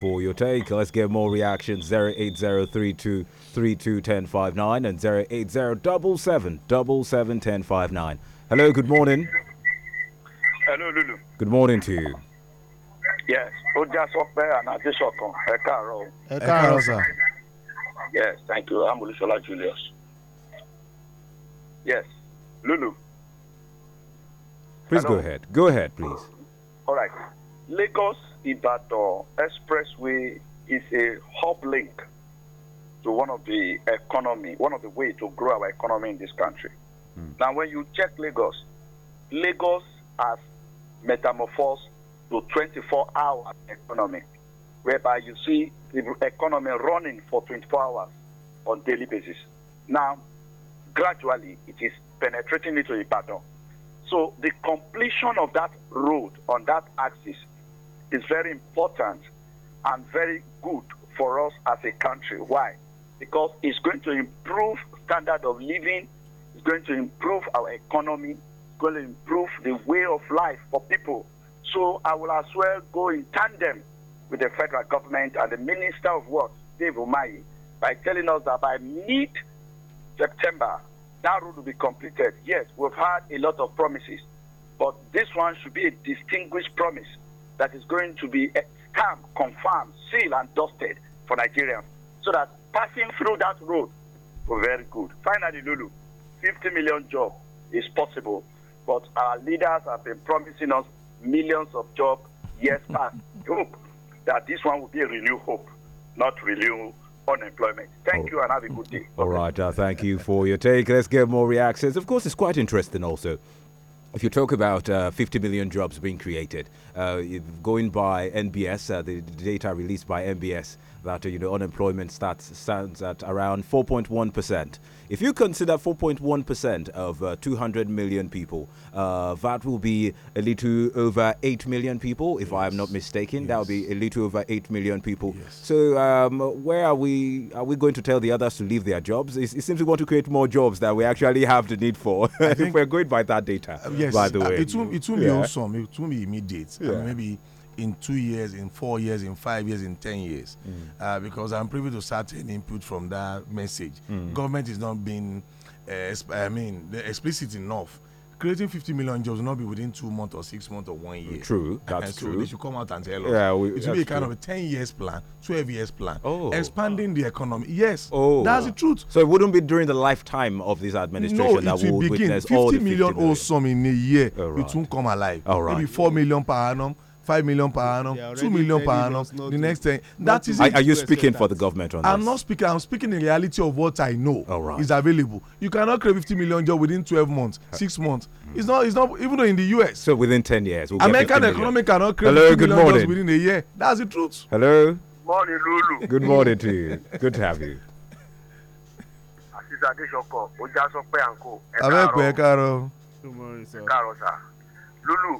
for your take. Let's get more reactions 08032321059 and 08077771059. Hello, good morning. Hello, Lulu. Good morning to you. Yes, ó já sọ pé ànájú sọ̀kan ẹ Ẹ sir. Yes, thank you. I'm Olusola Julius. Yes, Lulu. Please Hello. go ahead. Go ahead, please. All right. Lagos Ibadan expressway is a hub link to one of the economy, one of the way to grow our economy in this country. Mm. Now, when you check Lagos, Lagos has metamorphosed to 24-hour economy, whereby you see the economy running for 24 hours on daily basis. Now, gradually, it is penetrating into Ibadan. So the completion of that road on that axis is very important and very good for us as a country. Why? Because it's going to improve standard of living, it's going to improve our economy, it's going to improve the way of life for people. So I will as well go in tandem with the federal government and the Minister of Works, Dave Umayi, by telling us that by mid September, that road will be completed. Yes, we've had a lot of promises, but this one should be a distinguished promise that is going to be eh, stamped, confirmed, sealed, and dusted for Nigerians so that passing through that road will oh, be very good. Finally, Lulu, 50 million jobs is possible, but our leaders have been promising us millions of jobs years past. hope that this one will be a renew hope, not renew unemployment. Thank you and have a good day. All okay. right, uh, thank you for your take. Let's get more reactions. Of course, it's quite interesting also. If you talk about uh, 50 million jobs being created, uh, going by NBS, uh, the data released by NBS, that uh, you know unemployment stats stands at around 4.1 percent. If you consider 4.1% of uh, 200 million people, uh, that will be a little over 8 million people, if yes. I am not mistaken. Yes. That will be a little over 8 million people. Yes. So, um, where are we? Are we going to tell the others to leave their jobs? It, it seems we want to create more jobs that we actually have the need for. if we're going by that data, yes, by the way. It will it will yeah. be awesome. It will be immediate. Yeah. maybe in two years, in four years, in five years, in ten years, mm. uh, because I'm privy to certain input from that message. Mm. Government is not being, uh, I mean, explicit enough. Creating 50 million jobs will not be within two months or six months or one year. Mm, true, uh-huh, that's so true. They should come out and tell us. Yeah, we, it should be a kind true. of a 10 years plan, 12 years plan. Oh. Expanding the economy. Yes, oh. that's the truth. So it wouldn't be during the lifetime of this administration no, that we begin. witness 50 all the 50 million, million. or some in a year. It won't come alive. All right. Maybe 4 million per annum five million per annum, two million per annum. The next thing that is. it. are you speaking for the government on this? I'm not speaking. I'm speaking in reality of what I know All right. is available. You cannot create 50 million job within 12 months, six months. Mm. It's not. It's not even though in the U.S. So within 10 years, we'll American economy cannot create Hello, 50 million jobs within a year. That's the truth. Hello. Morning, Lulu. Good morning to you. Good to have you. Asisa Adesopo, Ojasope and Co. Ẹ káàárọ̀. Ẹ káàárọ̀ sir. Lulu,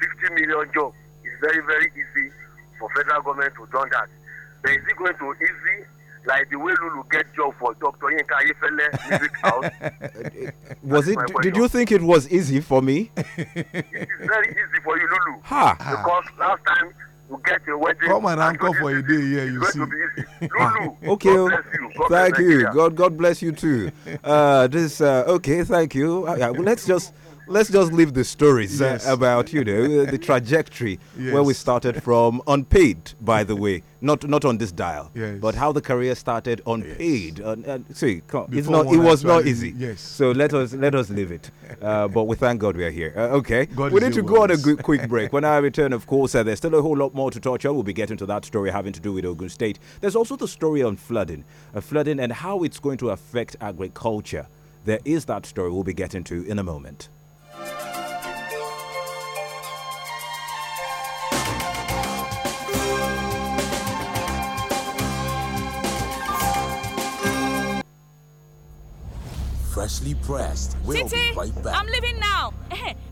50 million job is very, very easy for federal government to do that. But is it going to easy like the way Lulu get job for Dr. Yinka Ayefele Music House? Uh, was it? Did you think it was easy for me? it is very easy for you, Lulu. Ha. Because last time you get a wedding. Come and anchor for a day here, you see. Lulu, okay. God you. God thank you. God, God bless you too. Uh, this uh, okay. Thank you. Uh, yeah, well, let's just let's just leave the stories uh, yes. uh, about you know uh, the trajectory yes. where we started from unpaid by the way not not on this dial yes. but how the career started unpaid and uh, see it's not it was not easy yes so let us let us leave it uh, but we thank god we are here uh, okay god we need to go on a good, quick break when i return of course there's still a whole lot more to touch on we'll be getting to that story having to do with ogun state there's also the story on flooding flooding and how it's going to affect agriculture there is that story we'll be getting to in a moment Freshly pressed. We'll Titi, be right back. I'm leaving now.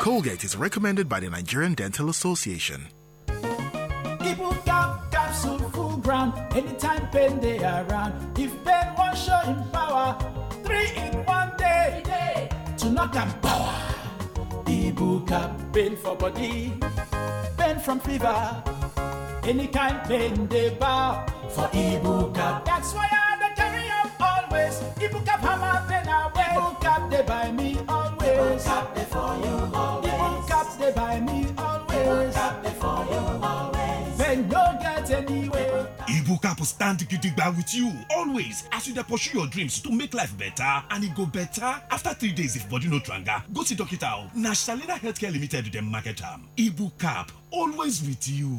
Colgate is recommended by the Nigerian Dental Association. capsule full ground anytime pain around if pain show power three in one day to knock power. Ibucap pain for body pain from fever any kind pain bow for Ibucap. That's why I carry always Ibucap hammer Ibucap me always. Ibucap for you. will stand gidigba with you always as you dey pursue your dreams to make life better and e go better. After three days if body no tranga, go see dokita o. Na Shalina Healthcare Limited dem market am. Ibu cap always with you.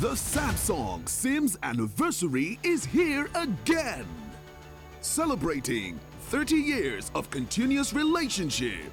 The Samsung Sims anniversary is here again. Celebrating 30 years of continuous relationship.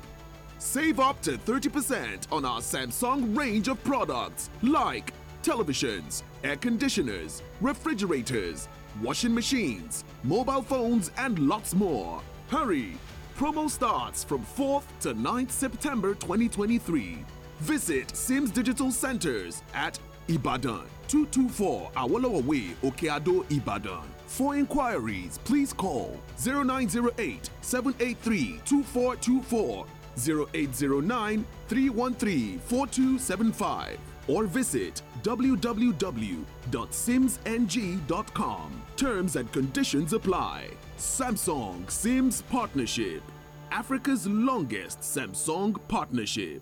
Save up to 30% on our Samsung range of products like televisions, air conditioners, refrigerators, washing machines, mobile phones, and lots more. Hurry! Promo starts from 4th to 9th September 2023. Visit Sims Digital Centers at Ibadan, 224 Awolowo Way, Okeado, Ibadan. For inquiries, please call 0908 783 2424, 0809 313 4275, or visit www.simsng.com. Terms and conditions apply. Samsung Sims Partnership, Africa's longest Samsung partnership.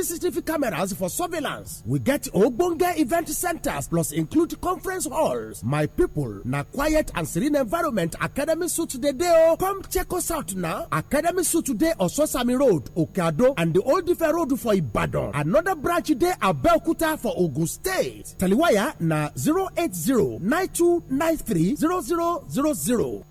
CCTV cameras for surveillance. We get ogbonge event centers plus include conference halls. My people, na quiet and serene environment Academy Suit today. dey Come check us out now. Academy Suit dey Ososami Road, Okeado and the Old Ife Road for Ibadan. Another branch dey Abeokuta for Ogun State. Taliwaya na 080 9293 0000.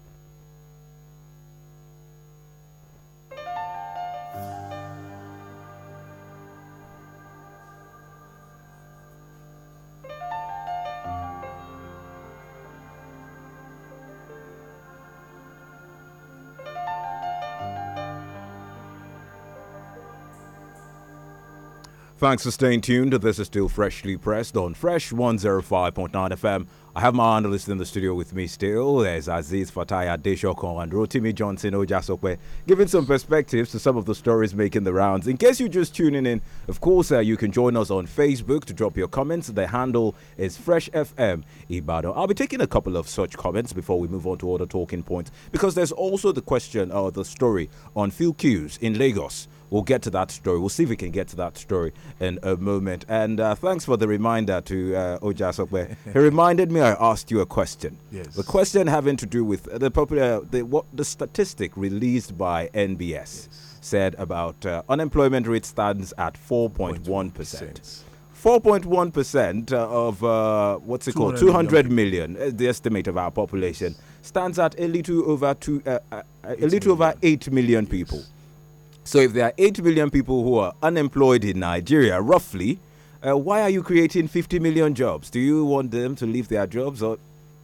Thanks for staying tuned. This is still freshly pressed on Fresh 105.9 FM. I have my analyst in the studio with me still. There's Aziz Fataya Deshokon and Rotimi Johnson Ojasokwe giving some perspectives to some of the stories making the rounds. In case you're just tuning in, of course, uh, you can join us on Facebook to drop your comments. The handle is Fresh FM Ibado. I'll be taking a couple of such comments before we move on to other talking points because there's also the question or uh, the story on fuel queues in Lagos We'll get to that story. We'll see if we can get to that story in a moment. And uh, thanks for the reminder to uh, Oja Sokwe. he reminded me I asked you a question. Yes. The question having to do with the popular the what the statistic released by NBS yes. said about uh, unemployment rate stands at 4.1 percent. 4.1 percent uh, of uh, what's it called 200 million, million uh, the estimate of our population stands at a little over two uh, uh a little million. over 8 million yes. people so if there are 8 million people who are unemployed in Nigeria, roughly, uh, why are you creating 50 million jobs? Do you want them to leave their jobs or,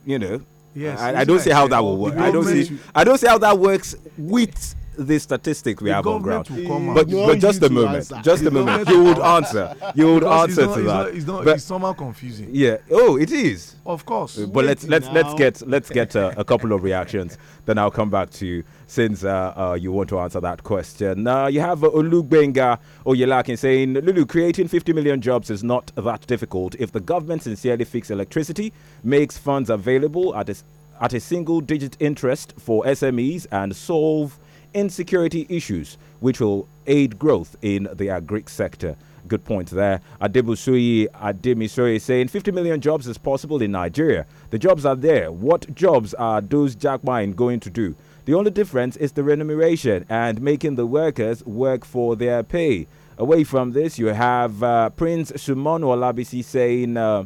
you know? Yes, I, I don't see how that will work. I don't see. I don't see how that works with the statistics we the have on ground. But, but just a moment, just a moment. You would answer. You would answer to it's that. Not, it's not. it's somehow confusing. Yeah. Oh, it is. Of course. But let's let's let's get let's get a, couple of reactions. Then I'll come back to you since uh, uh, you want to answer that question. Uh, you have uh, Olugbenga Oyelakin saying, Lulu, creating 50 million jobs is not that difficult. If the government sincerely fix electricity, makes funds available at a, at a single digit interest for SMEs, and solve Insecurity issues, which will aid growth in the agri sector. Good point there. Adebusuyi Ademisoye saying 50 million jobs is possible in Nigeria. The jobs are there. What jobs are those Wine going to do? The only difference is the remuneration and making the workers work for their pay. Away from this, you have uh, Prince Sumon Olabisi saying, uh,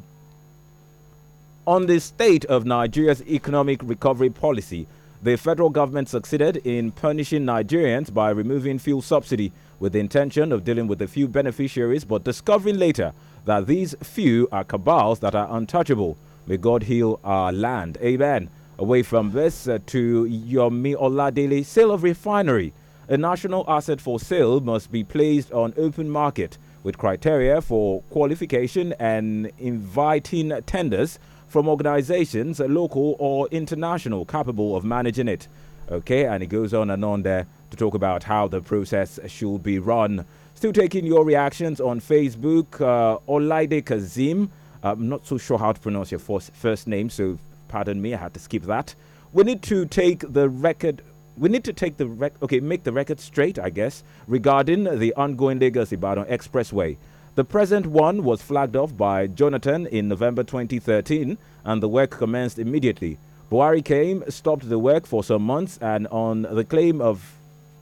on the state of Nigeria's economic recovery policy, the federal government succeeded in punishing Nigerians by removing fuel subsidy with the intention of dealing with a few beneficiaries, but discovering later that these few are cabals that are untouchable. May God heal our land. Amen. Away from this uh, to Yomi Oladele, sale of refinery. A national asset for sale must be placed on open market with criteria for qualification and inviting tenders from organizations, uh, local or international, capable of managing it. Okay, and it goes on and on there to talk about how the process should be run. Still taking your reactions on Facebook. Uh, Olaide Kazim, I'm not so sure how to pronounce your first, first name, so pardon me, I had to skip that. We need to take the record we need to take the rec- okay, make the record straight, I guess, regarding the ongoing Lagos Ibadan Expressway. The present one was flagged off by Jonathan in November 2013 and the work commenced immediately. Buhari came, stopped the work for some months and on the claim of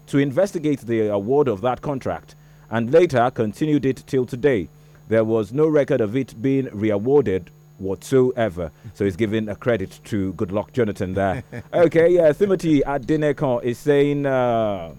to investigate the award of that contract and later continued it till today. There was no record of it being re-awarded whatsoever. So he's giving a credit to good luck Jonathan there. okay, yeah, uh, Timothy at Dinecon is saying uh,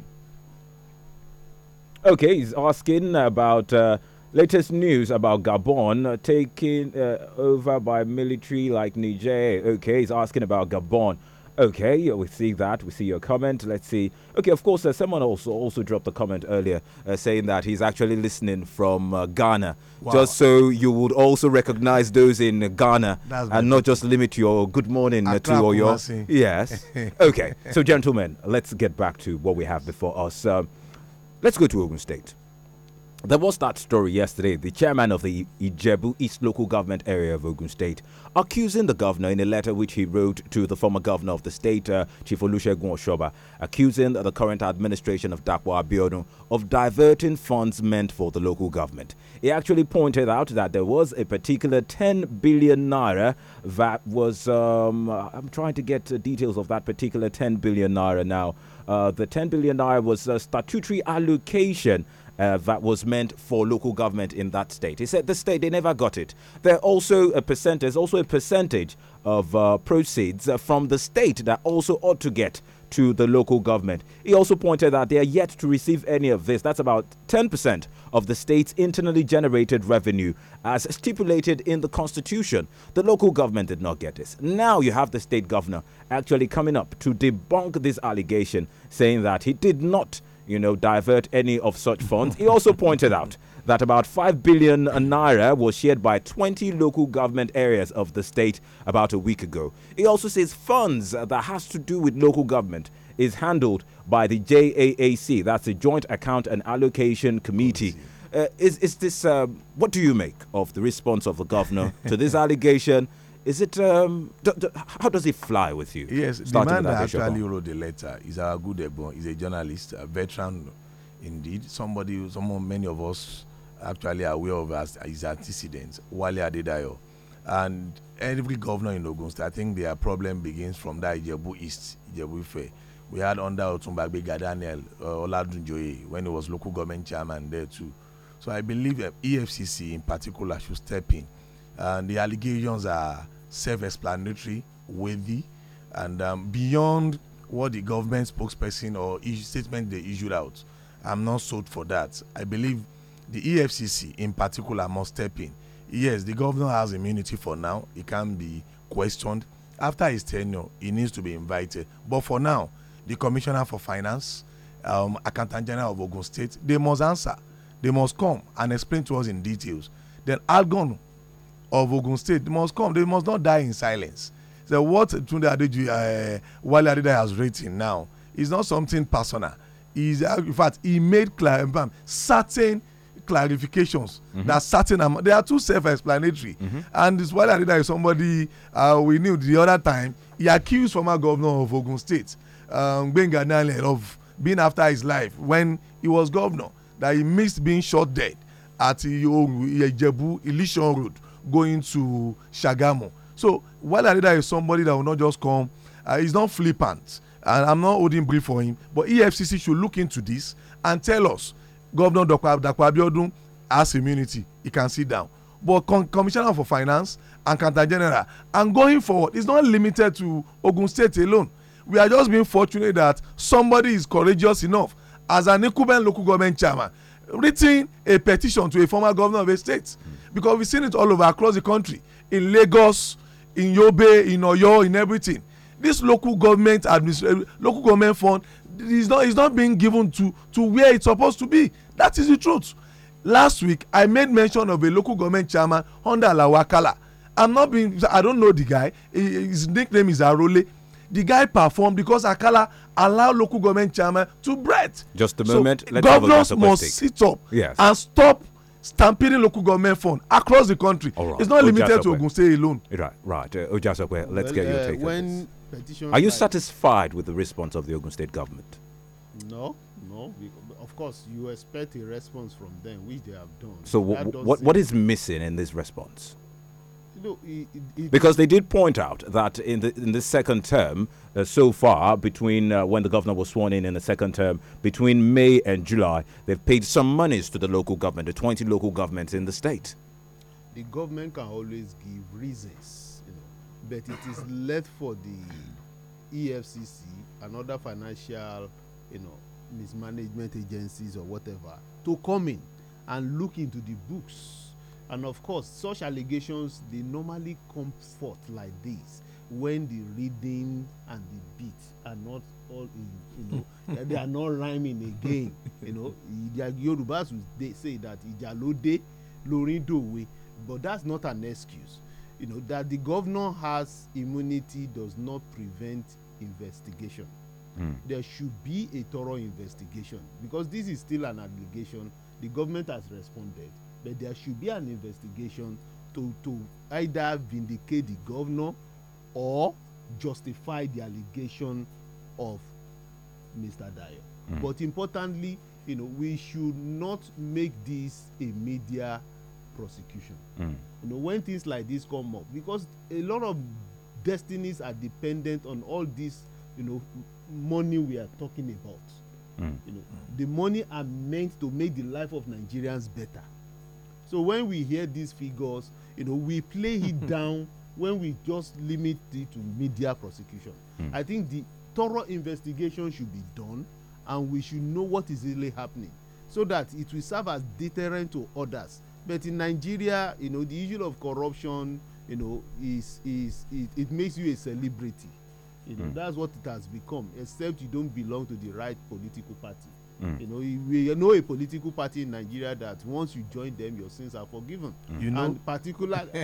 Okay, he's asking about uh, Latest news about Gabon uh, taken uh, over by military like Niger. Okay, he's asking about Gabon. Okay, we see that. We see your comment. Let's see. Okay, of course, uh, someone also also dropped a comment earlier uh, saying that he's actually listening from uh, Ghana. Wow. Just so you would also recognize those in Ghana and not just limit your good morning uh, to or your. Yes. okay, so gentlemen, let's get back to what we have before us. Um, let's go to Ogun State. There was that story yesterday, the chairman of the Ijebu East local government area of Ogun State accusing the governor in a letter which he wrote to the former governor of the state, uh, Chief Olusegun Oshoba, accusing the current administration of Dakwa Abiodun of diverting funds meant for the local government. He actually pointed out that there was a particular 10 billion naira that was, um, I'm trying to get uh, details of that particular 10 billion naira now. Uh, the 10 billion naira was a uh, statutory allocation uh, that was meant for local government in that state. He said the state they never got it. There also a percent, there's also a percentage of uh, proceeds uh, from the state that also ought to get to the local government. He also pointed that they are yet to receive any of this. That's about 10% of the state's internally generated revenue. As stipulated in the constitution, the local government did not get this. Now you have the state governor actually coming up to debunk this allegation, saying that he did not you know, divert any of such funds. He also pointed out that about 5 billion naira was shared by 20 local government areas of the state about a week ago. He also says funds that has to do with local government is handled by the JAAC, that's the Joint Account and Allocation Committee. Uh, is, is this, uh, what do you make of the response of the governor to this allegation? Is it um, do, do, how does it fly with you? Yes, the man that actually wrote the letter is our good Ebon. He's a journalist, a veteran, indeed. Somebody, someone many of us actually are aware of as his antecedents, Wale Adedayo, and every governor in Ogun State. I think their problem begins from that Ijebu East, Ijebu Ife. We had under Otunbagbe Daniel uh, Oladunjoye when he was local government chairman there too. So I believe uh, EFCC in particular should step in and the allegations are self-explanatory, worthy, and um, beyond what the government spokesperson or statement they issued out. I'm not sold for that. I believe the EFCC in particular must step in. Yes, the governor has immunity for now. He can be questioned. After his tenure, he needs to be invited. But for now, the Commissioner for Finance, um, Accountant General of Ogun State, they must answer. They must come and explain to us in details. Then Algon of Ogun State must come. They must not die in silence. So what Tunde Adeju, uh, Wale Adedayo has written now is not something personal. Is uh, in fact he made um, certain clarifications mm -hmm. that certain amount they are too self-explanatory. Mm -hmm. And this Wale Adedayo is somebody uh, we knew the other time he accused former governor of Ogun State, um, of being after his life when he was governor that he missed being shot dead at Ijebu Ilishan Road going to Shagamu. So while Adida is somebody that will not just come, uh, he's not flippant, and I'm not holding brief for him. But EFCC should look into this and tell us, Governor Dr. Abiodun has immunity; he can sit down. But Commissioner for Finance and Counter General, and going forward, it's not limited to Ogun State alone. We are just being fortunate that somebody is courageous enough as an incumbent local government chairman written a petition to a former governor of a state. Mm because we've seen it all over across the country in lagos in yobe in oyo in everything this local government administration eh, local government fund is not is not being given to to where it's supposed to be that is the truth last week i made mention of a local government chairman honda lawakala i'm not being i don't know the guy his nickname is arole the guy performed because akala allowed local government chairman to breathe. just a moment so let governors must sit up yes. and stop stampeding local government funds across the country. It's not limited to Ogun State alone. Right, right. Uh, Oja let's well, get your uh, take on this. Are you satisfied with the response of the Ogun State government? No, no. Of course, you expect a response from them, which they have done. So, what, what is missing in this response? because they did point out that in the in the second term, uh, so far between uh, when the governor was sworn in in the second term, between May and July, they've paid some monies to the local government, the 20 local governments in the state. The government can always give reasons, you know, but it is left for the EFCC and other financial, you know, mismanagement agencies or whatever to come in and look into the books And of course, such allegations they normally come forth like this when the reading and the beat are not all in, you know, they are not rhyming again. You know, Yorubas will say that Ijalode Lorin Dowe, but that's not an excuse. You know, that the governor has immunity does not prevent investigation. Mm. There should be a thorough investigation because this is still an allegation. The government has responded but there should be an investigation to to either vindicate the governor or justify the allegation of mr dayo mm. but importantly you know we should not make this a media prosecution mm. you know when things like this come up because a lot of destinies are dependent on all this you know money we are talking about mm. you know the money are meant to make the life of nigerians better so when we hear these figures, you know, we play it down when we just limit it to media prosecution. Mm. I think the thorough investigation should be done and we should know what is really happening so that it will serve as deterrent to others. But in Nigeria, you know, the issue of corruption, you know, is is it, it makes you a celebrity. You know, mm. that's what it has become, except you don't belong to the right political party. Mm. You know, we know a political party in Nigeria that once you join them, your sins are forgiven. Mm. You know, and particular, uh,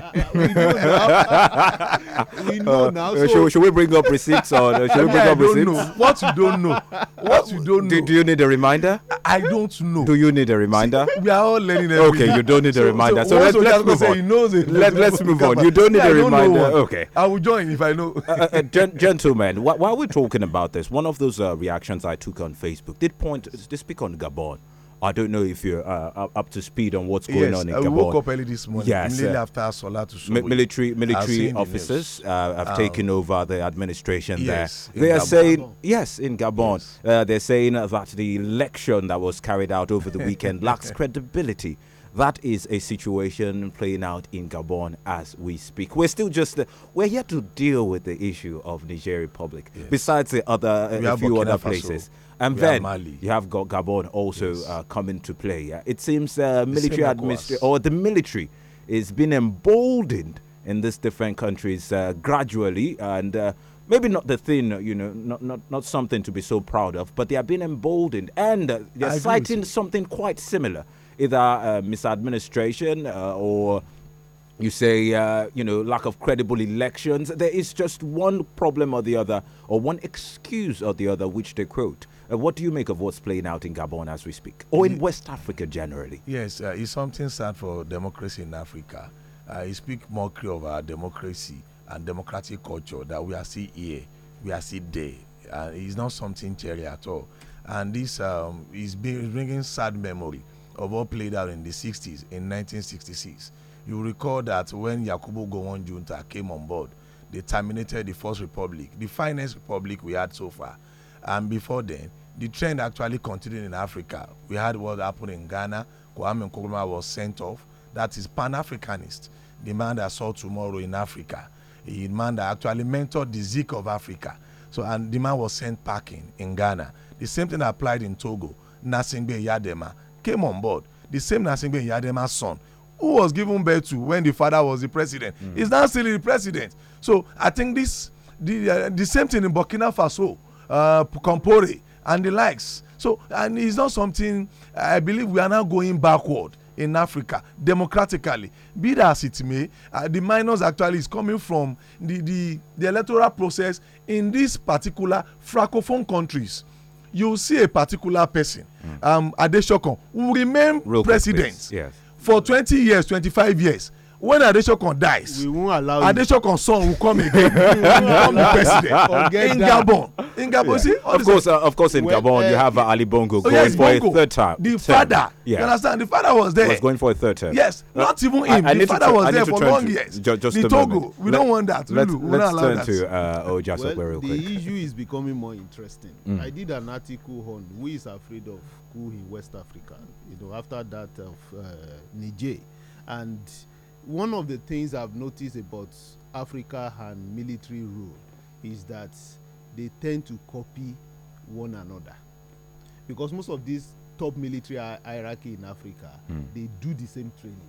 uh we know now. we know uh, now. So uh, should, should, we bring up receipts or uh, should we bring I up receipts? Know. What you don't know. What you don't know. Do you need a reminder? I don't know. Do you need a reminder? we are all learning. Okay, you don't need a reminder. So, so let's, let's move on. Let, us move on. You don't need yeah, a reminder. Okay. I will join if I know. uh, gen gentlemen, while we're talking about this, one of those reactions I took on Facebook did point because they speak on Gabon. I don't know if you're uh, up to speed on what's going yes, on in Gabon. Yes, I woke up early this morning. Yes, uh, after Salah to Mi- military military officers uh, have um, taken over the administration yes, there. They are Gabon. saying yes in Gabon. Yes. Uh, they're saying that the election that was carried out over the weekend lacks credibility. That is a situation playing out in Gabon as we speak. We're still just uh, we're here to deal with the issue of Niger Republic. Yes. Besides the other uh, a few Burkina other places. Faso. And we then you have got Gabon also yes. uh, coming to play. Uh, it seems uh, military administration or the military is being emboldened in these different countries uh, gradually, and uh, maybe not the thing you know, not, not not something to be so proud of, but they are being emboldened, and they're citing something quite similar either uh, misadministration uh, or you say, uh, you know, lack of credible elections. There is just one problem or the other, or one excuse or the other, which they quote. Uh, what do you make of what's playing out in Gabon as we speak, or in mm. West Africa generally? Yes, uh, it's something sad for democracy in Africa. Uh, it speaks mockery of our democracy and democratic culture that we are still here, we are still there. Uh, it's not something cheery at all. And this um, is bringing sad memory of all played out in the 60s in 1966. You recall that when Yakubu Gowon Junta came on board, they terminated the First Republic, the finest republic we had so far. And before then, the trend actually continued in Africa. We had what happened in Ghana. Kwame Nkrumah was sent off. That is Pan Africanist, the man that saw tomorrow in Africa, the man that actually mentored the Zik of Africa. So, and the man was sent packing in Ghana. The same thing applied in Togo. Nasingbe Yadema came on board the same Nasingbe Yadema's son who was given birth to when the father was the president mm. is now still the president so i think this the uh, the same thing in burkina faso uh, and the likes so and it's not something i believe we are now going backward in africa democratically be that as it may uh, the minus actually is coming from the the the electoral process in these particular francophone countries you see a particular person mm. um, adesokan who remain Real president yes. for twenty years twenty-five years when adesokan dies we adesokan son will come again he will become the president in gabon in gabon yeah. see of course uh, of course in well, gabon uh, you have uh, ali bongo oh, going yes, for bongo, a third time the father yeah. you understand the father was there was going for a third term yes uh, not even him I, I the father was I there for long years just the togo we Let, don't want that let's, we let's allow turn that. to uh, ojas real quick the issue is becoming more interesting mm. i did an article on who is afraid of who in west africa you know after that of uh, niger and one of the things I've noticed about Africa and military rule is that they tend to copy one another because most of these top military hierarchy in Africa mm. they do the same training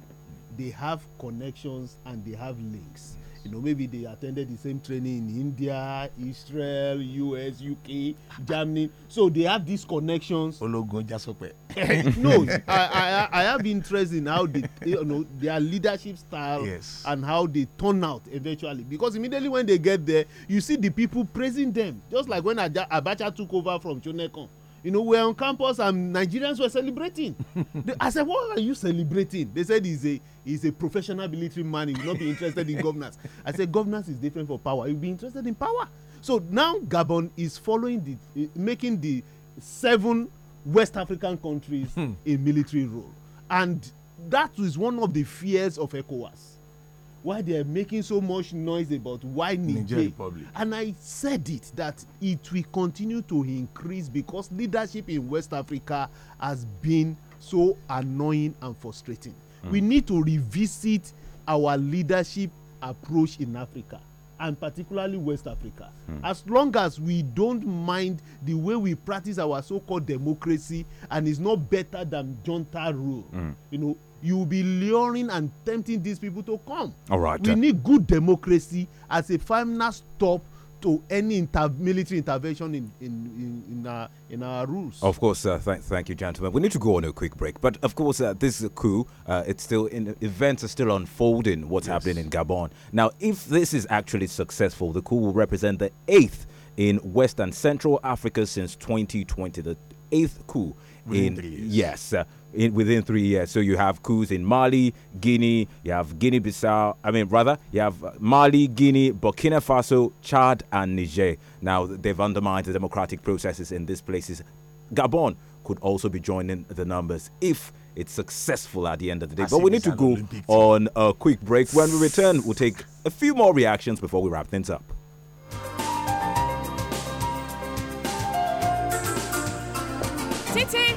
they have connections and they have links You know, maybe they attended the same training in India, Israel, US, UK, Germany. So they have these connections. Ologun Jasope. no, I, I, I have interest in how they, you know, their leadership style yes. and how they turn out eventually. Because immediately when they get there, you see the people praising them. Just like when Abacha took over from Chonekon you know, we're on campus and Nigerians were celebrating. I said, what are you celebrating? They said he's a he's a professional military man. He will not be interested in governance. I said governance is different for power. He'll be interested in power. So now Gabon is following the uh, making the seven West African countries hmm. a military role, and that is one of the fears of ECOWAS why they are making so much noise about why Niger, Republic. And I said it that it will continue to increase because leadership in West Africa has been so annoying and frustrating. Mm. We need to revisit our leadership approach in Africa and particularly West Africa. Mm. As long as we don't mind the way we practice our so-called democracy and it's not better than junta rule, mm. you know, you will be luring and tempting these people to come. All right. We uh, need good democracy as a final stop to any inter military intervention in in in, in, our, in our rules. Of course, uh, thank you, gentlemen. We need to go on a quick break, but of course, uh, this is a coup. Uh, it's still in, events are still unfolding. What's yes. happening in Gabon now? If this is actually successful, the coup will represent the eighth in West and Central Africa since 2020. The eighth coup Within in yes in, within three years. So you have coups in Mali, Guinea, you have Guinea Bissau, I mean, rather, you have Mali, Guinea, Burkina Faso, Chad, and Niger. Now, they've undermined the democratic processes in these places. Gabon could also be joining the numbers if it's successful at the end of the day. I but we need to go on a quick break. When we return, we'll take a few more reactions before we wrap things up. Titi!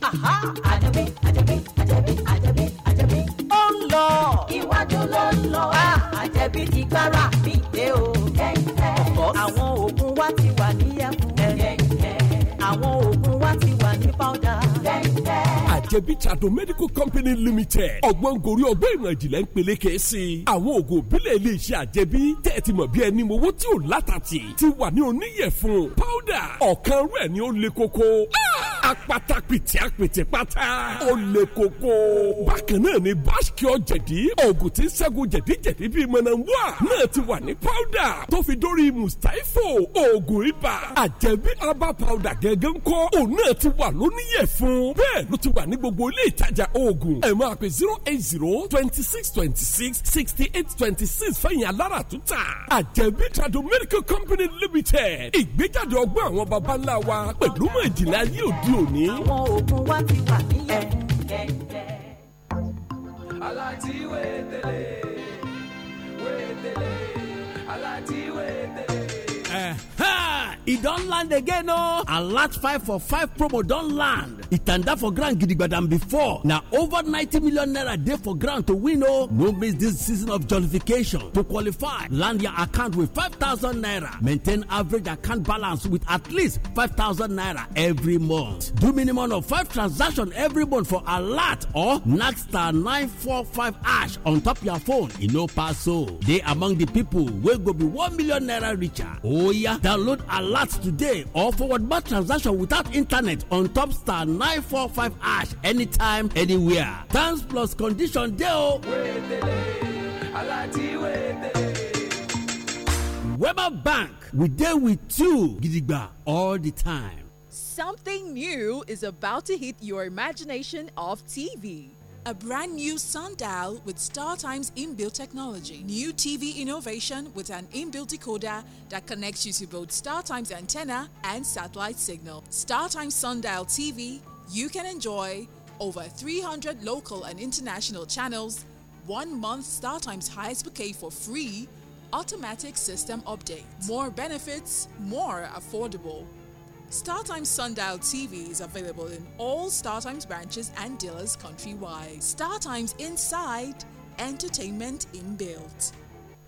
Aha, Àjàbí, Àjàbí, Àjàbí, Àjàbí, Àjàbí. Ó ń lọ. Iwájú ló ń lọ. Àjàbí ah, ti gbára mi dé o. Ọ̀pọ̀ àwọn oògùn wa àjẹbí trado medical company limited ọgbọ́n gorí ọgbọ́n ìmọ̀ ìjìnlẹ̀ ń peléke sí i àwọn oògùn òbílẹ̀ ilé iṣẹ́ àjẹbí tẹ́ ẹ ti mọ̀ bí ẹni mowó tí ò látàtì ti wà ní oníyẹ̀fun powder ọ̀kan rẹ̀ ni ó le koko apata pìtì apìtì pata ó le koko bákan náà ni báṣkì ọ̀jẹ̀dí oògùn tí ń ṣẹ́gun jẹ̀díjẹ̀dí bíi mọ̀nàmúà náà ti wà ní powder tó fi dórí mustapho oògùn ibà àjẹbí herbal powder gẹ́gẹ́ ńkọ́ òun náà ti wà lóníyẹ̀fun bẹ́ẹ̀ ló ti wà ní gbogbo ilé ìtajà oògùn ẹ máa pè zero eight zero twenty six twenty six sixty eight twenty six fẹ̀yìn alára tuta àjẹbí tradu medical company limited ìgbéjáde ọgbọ́n àwọn baba ńlá wa pẹ̀lú mọ̀ ìjìnlẹ̀ ayé òde òní. àwọn oògùn wa ti wà nílẹ̀ kẹ̀kẹ́. aláti wé wé tẹ́lẹ̀ aláti wé e don land again ooo A lat 5 for 5 promo don land e tanda for ground gidigba than before na over 90 million naira dey for ground to win ooo oh. no miss dis season of jollification to qualify land your account with 5000 naira maintain average account balance with at least 5000 naira every month do minimum of 5 transactions every month for alert or nagstar 945 ash on top your phone e no pass so oh. dey among di pipo wey go be 1 million naira richer oya oh, download alert today or forward bank transaction without internet on top star 945 ash anytime anywhere thanks plus condition deo oh. weber bank we deal with you gidigba all the time something new is about to hit your imagination of tv a brand new sundial with StarTime's inbuilt technology. New TV innovation with an inbuilt decoder that connects you to both StarTime's antenna and satellite signal. StarTimes Sundial TV, you can enjoy over 300 local and international channels, one month StarTime's highest bouquet for free, automatic system update. More benefits, more affordable. StarTimes Sundial TV is available in all StarTimes branches and dealers countrywide. StarTimes Inside, entertainment inbuilt.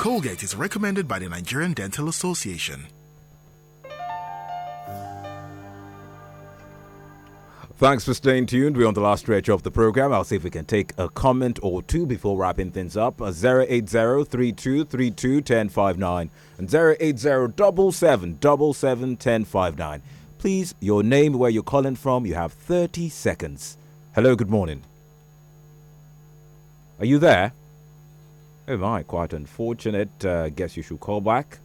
Colgate is recommended by the Nigerian Dental Association. Thanks for staying tuned. We're on the last stretch of the program. I'll see if we can take a comment or two before wrapping things up. 080-3232-1059 uh, and 080-777-1059. Please, your name, where you're calling from. You have 30 seconds. Hello, good morning. Are you there? Oh my, quite unfortunate. Uh, guess you should call back.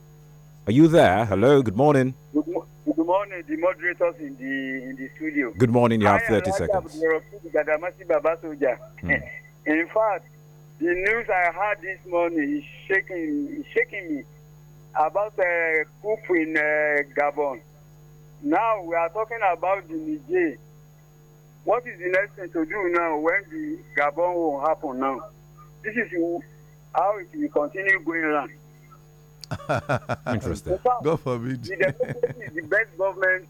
Are you there? Hello, good morning. Good, mo good morning, the moderators in the in the studio. Good morning, you have 30 seconds. Hmm. In fact, the news I had this morning is shaking, is shaking me about a uh, coup in uh, Gabon. Now we are talking about the Niger. What is the next thing to do now when the Gabon will happen now? This is how it will continue going wrong? Interesting. God forbid. The is the best government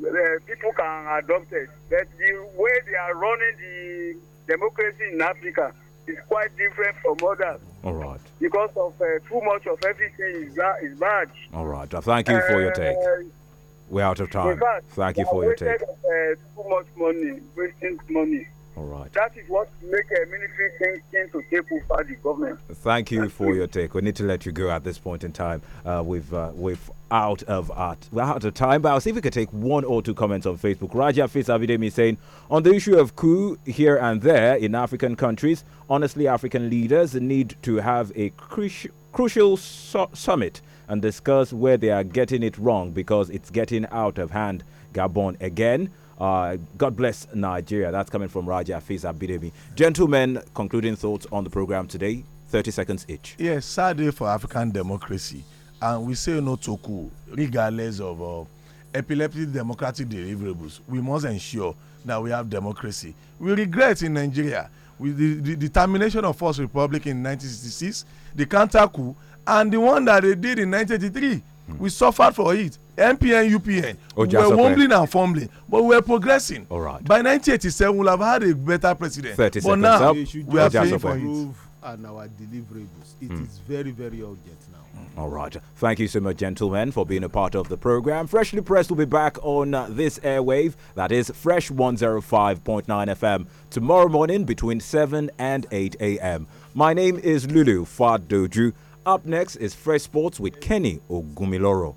uh, people can adopt it. But the way they are running the democracy in Africa is quite different from others. All right. Because of uh, too much of everything is, is bad. All right. Thank you for your uh, take. We're out of time. Fact, Thank you for your take. uh, too much money, wasting money. All right. That is what make a military thinking to take over the government. Thank you for your take. We need to let you go at this point in time. Uh, we've uh, we've out of art. We're out of time, but I'll see if we could take one or two comments on Facebook. Raja Fisabidemi saying, on the issue of coup here and there in African countries, honestly, African leaders need to have a crucial su summit and discuss where they are getting it wrong because it's getting out of hand. Gabon again. Uh, God bless Nigeria. That's coming from Raja Fiza Bidemi. Gentlemen, concluding thoughts on the program today. 30 seconds each. Yes, sad day for African democracy. And we say no to coup, regardless of uh, epileptic democratic deliverables. We must ensure that we have democracy. We regret in Nigeria with the, the, of First Republic in 1966, the counter coup, and the one that they did in 1983. Mm. We suffered for it MPN, UPN. Oh, we were wobbling and fumbling, but we were progressing. All right. By 1987, we'll have had a better president. 30 but now, up. we are paying for it. And our deliverables. It mm. is very, very urgent now. All right. Thank you so much, gentlemen, for being a part of the program. Freshly Pressed will be back on this airwave, that is Fresh 105.9 FM, tomorrow morning between 7 and 8 a.m. My name is Lulu Doju. Up next is Fresh Sports with Kenny Ogumiloro.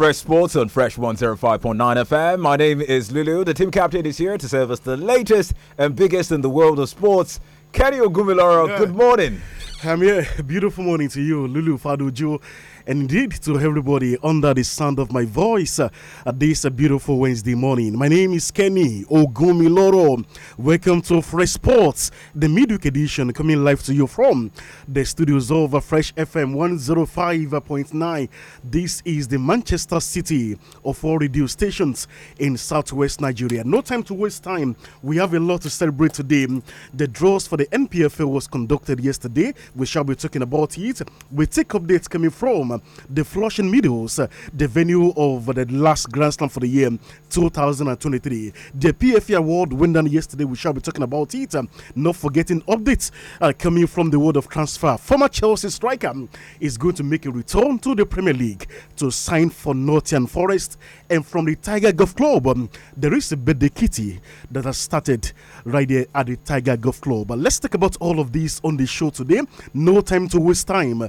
Fresh Sports on Fresh 105.9 FM. My name is Lulu. The team captain is here to serve us the latest and biggest in the world of sports. Kenny Ogumiloro, yeah. good morning. I'm here. Beautiful morning to you, Lulu Faduju and indeed to everybody under the sound of my voice uh, at this uh, beautiful Wednesday morning. My name is Kenny Ogumiloro. Welcome to Fresh Sports, the midweek edition coming live to you from the studios of Fresh FM 105.9. This is the Manchester City of all radio stations in southwest Nigeria. No time to waste time. We have a lot to celebrate today. The draws for the NPFL was conducted yesterday. We shall be talking about it. We take updates coming from um, the Flushing Meadows, uh, the venue of the last Grand Slam for the year 2023. The PFA Award winner yesterday, we shall be talking about it. Um, not forgetting updates uh, coming from the world of transfer. Former Chelsea striker is going to make a return to the Premier League to sign for Nottingham Forest and from the Tiger Golf Club. Um, there is a birthday kitty that has started right there at the Tiger Golf Club. But let's talk about all of these on the show today. No time to waste time.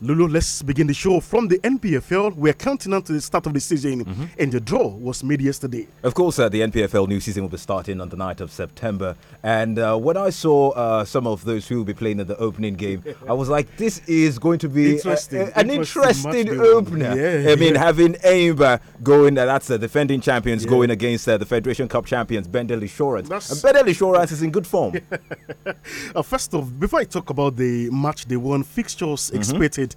Lulu, let's begin the show show from the NPFL. We're counting on to the start of the season, mm -hmm. and the draw was made yesterday. Of course, uh, the NPFL new season will be starting on the night of September. And uh, when I saw uh, some of those who will be playing in the opening game, I was like, this is going to be interesting. A, a, an interesting, interesting opener. Yeah, I mean, yeah. having Aimba going, uh, that's the defending champions yeah. going against uh, the Federation Cup champions, Bendel Insurance. That's and Bendel Insurance is in good form. Uh, first off, before I talk about the match they won, fixtures mm -hmm. expected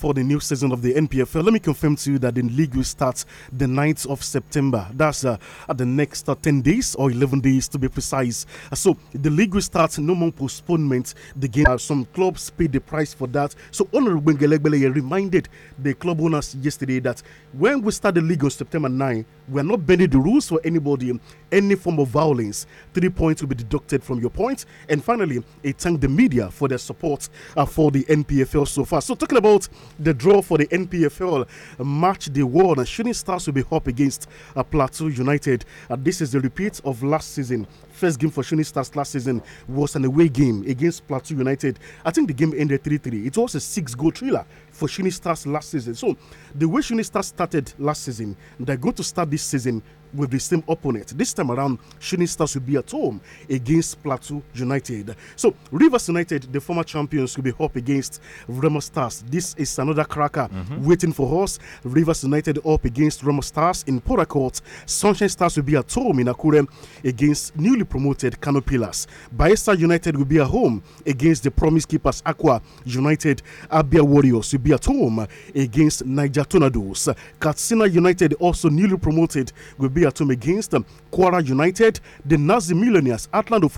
for the new new season of the NPFL. Let me confirm to you that the league will start the 9th of September. That's uh, at the next uh, 10 days or 11 days to be precise. Uh, so the league will start, no more postponement. The game, uh, some clubs paid the price for that. So honor Bengelegbele reminded the club owners yesterday that when we start the league on September 9, we are not bending the rules for anybody, any form of violence. Three points will be deducted from your points. And finally, it thanked the media for their support uh, for the NPFL so far. So talking about the draw for the NPFL match day one. Shooting Stars will be up against uh, Plateau United. Uh, this is the repeat of last season. First game for Shuni Stars last season was an away game against Plateau United. I think the game ended 3 3. It was a six goal thriller for Shuni Stars last season. So, the way Shuni Stars started last season, they're going to start this season with the same opponent. This time around, Shooting Stars will be at home against Plateau United. So, Rivers United, the former champions, will be up against Remo Stars. This is another cracker mm -hmm. waiting for us. Rivers United up against Remo Stars in Port Harcourt. Sunshine Stars will be at home in Akure against newly promoted Canopilas. Baesa United will be at home against the promise keepers Aqua United. Abia Warriors will be at home against Niger Tornadoes. Katsina United, also newly promoted, will be at home against um, Quara United. The Nazi Millionaires, Atlant of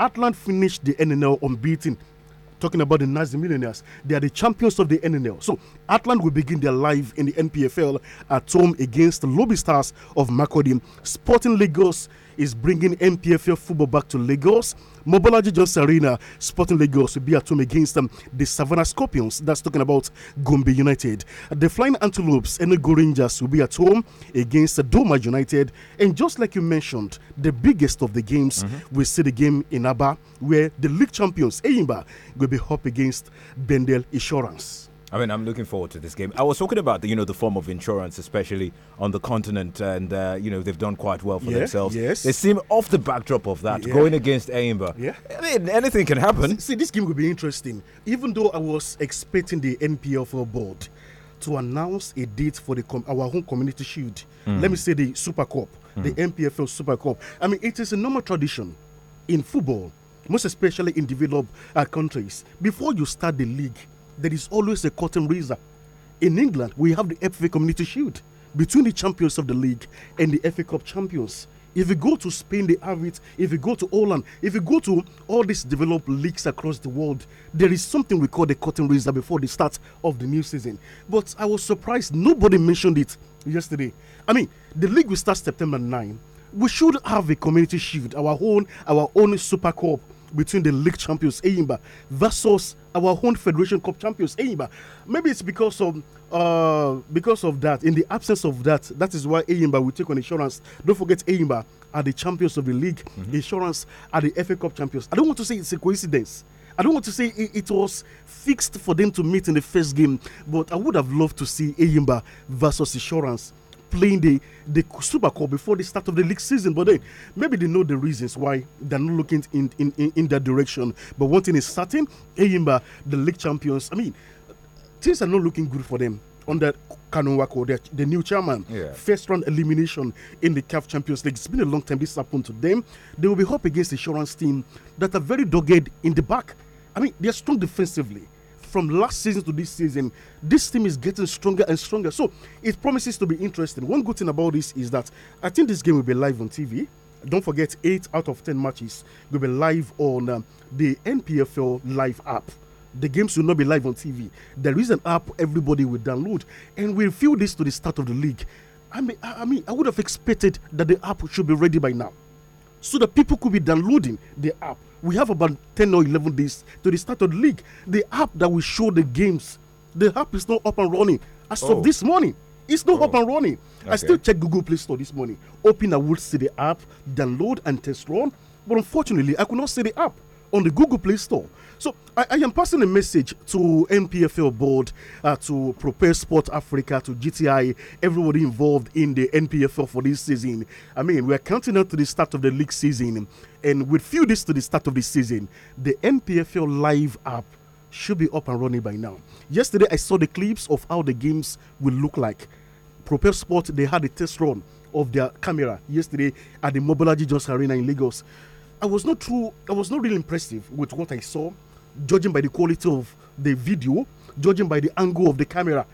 Atlant finished the NNL unbeaten talking about the Nazi millionaires. They are the champions of the NNL. So, Atlant will begin their life in the NPFL at home against the Lobby Stars of Makodim. Sporting Lagos is bringing MPFL football back to Lagos. Mobolaji Just Arena, Sporting Lagos will be at home against um, the Savannah Scorpions. That's talking about Gombe United. The Flying Antelopes and the Rangers will be at home against uh, Doma United. And just like you mentioned, the biggest of the games, mm -hmm. we see the game in Aba, where the league champions, Eimba, will be up against Bendel Insurance. I mean, I'm looking forward to this game. I was talking about the, you know the form of insurance, especially on the continent, and uh, you know they've done quite well for yeah, themselves. Yes, they seem off the backdrop of that, yeah. going against Aimba. Yeah, I mean, anything can happen. See, see, this game will be interesting. Even though I was expecting the NPFL board to announce a date for the our home community shield, mm. let me say the Super Cup, mm. the NPFL Super Cup. I mean, it is a normal tradition in football, most especially in developed uh, countries. Before you start the league there is always a cotton raiser. In England, we have the FA Community Shield between the champions of the league and the FA Cup champions. If you go to Spain, they have it. If you go to Holland, if you go to all these developed leagues across the world, there is something we call the cotton raiser before the start of the new season. But I was surprised nobody mentioned it yesterday. I mean, the league will start September 9. We should have a community shield, our own, our own super cup between the league champions Eimba versus our own Federation Cup champions Eimba. Maybe it's because of uh, because of that. In the absence of that, that is why Eimba will take on insurance. Don't forget Eimba are the champions of the league. Mm -hmm. Insurance are the FA Cup champions. I don't want to say it's a coincidence. I don't want to say it, it, was fixed for them to meet in the first game, but I would have loved to see Eyimba versus Insurance playing the, the Super Cup before the start of the league season. But then maybe they know the reasons why they're not looking in, in, in, in that direction. But one thing is certain Eyimba, the league champions, I mean, things are not looking good for them under Kanunwako, the, the new chairman. Yeah. First round elimination in the CAF Champions League. It's been a long time this happened to them. They will be up against the insurance team that are very dogged in the back. I mean, they're strong defensively from last season to this season, this team is getting stronger and stronger. So it promises to be interesting. One good thing about this is that I think this game will be live on TV. Don't forget, eight out of ten matches will be live on um, the NPFL live app. The games will not be live on TV. There is an app everybody will download, and we'll feel this to the start of the league. I mean, I, I mean, I would have expected that the app should be ready by now, so that people could be downloading the app we have about 10 or 11 days to the start of the league. The app that will show the games, the app is not up and running as oh. of this morning. It's not oh. up and running. Okay. I still check Google Play Store this morning, hoping I would see the app, download and test run. But unfortunately, I could not see the app on the Google Play Store. So I, I am passing a message to NPFL board, uh, to Prepare Sport Africa, to GTI, everybody involved in the NPFL for this season. I mean, we are counting out to the start of the league season, and with few days to the start of the season, the NPFL live app should be up and running by now. Yesterday, I saw the clips of how the games will look like. Propel Sport, they had a test run of their camera yesterday at the Mobile Jones Arena in Lagos. I was not true. I was not really impressive with what I saw, judging by the quality of the video, judging by the angle of the camera.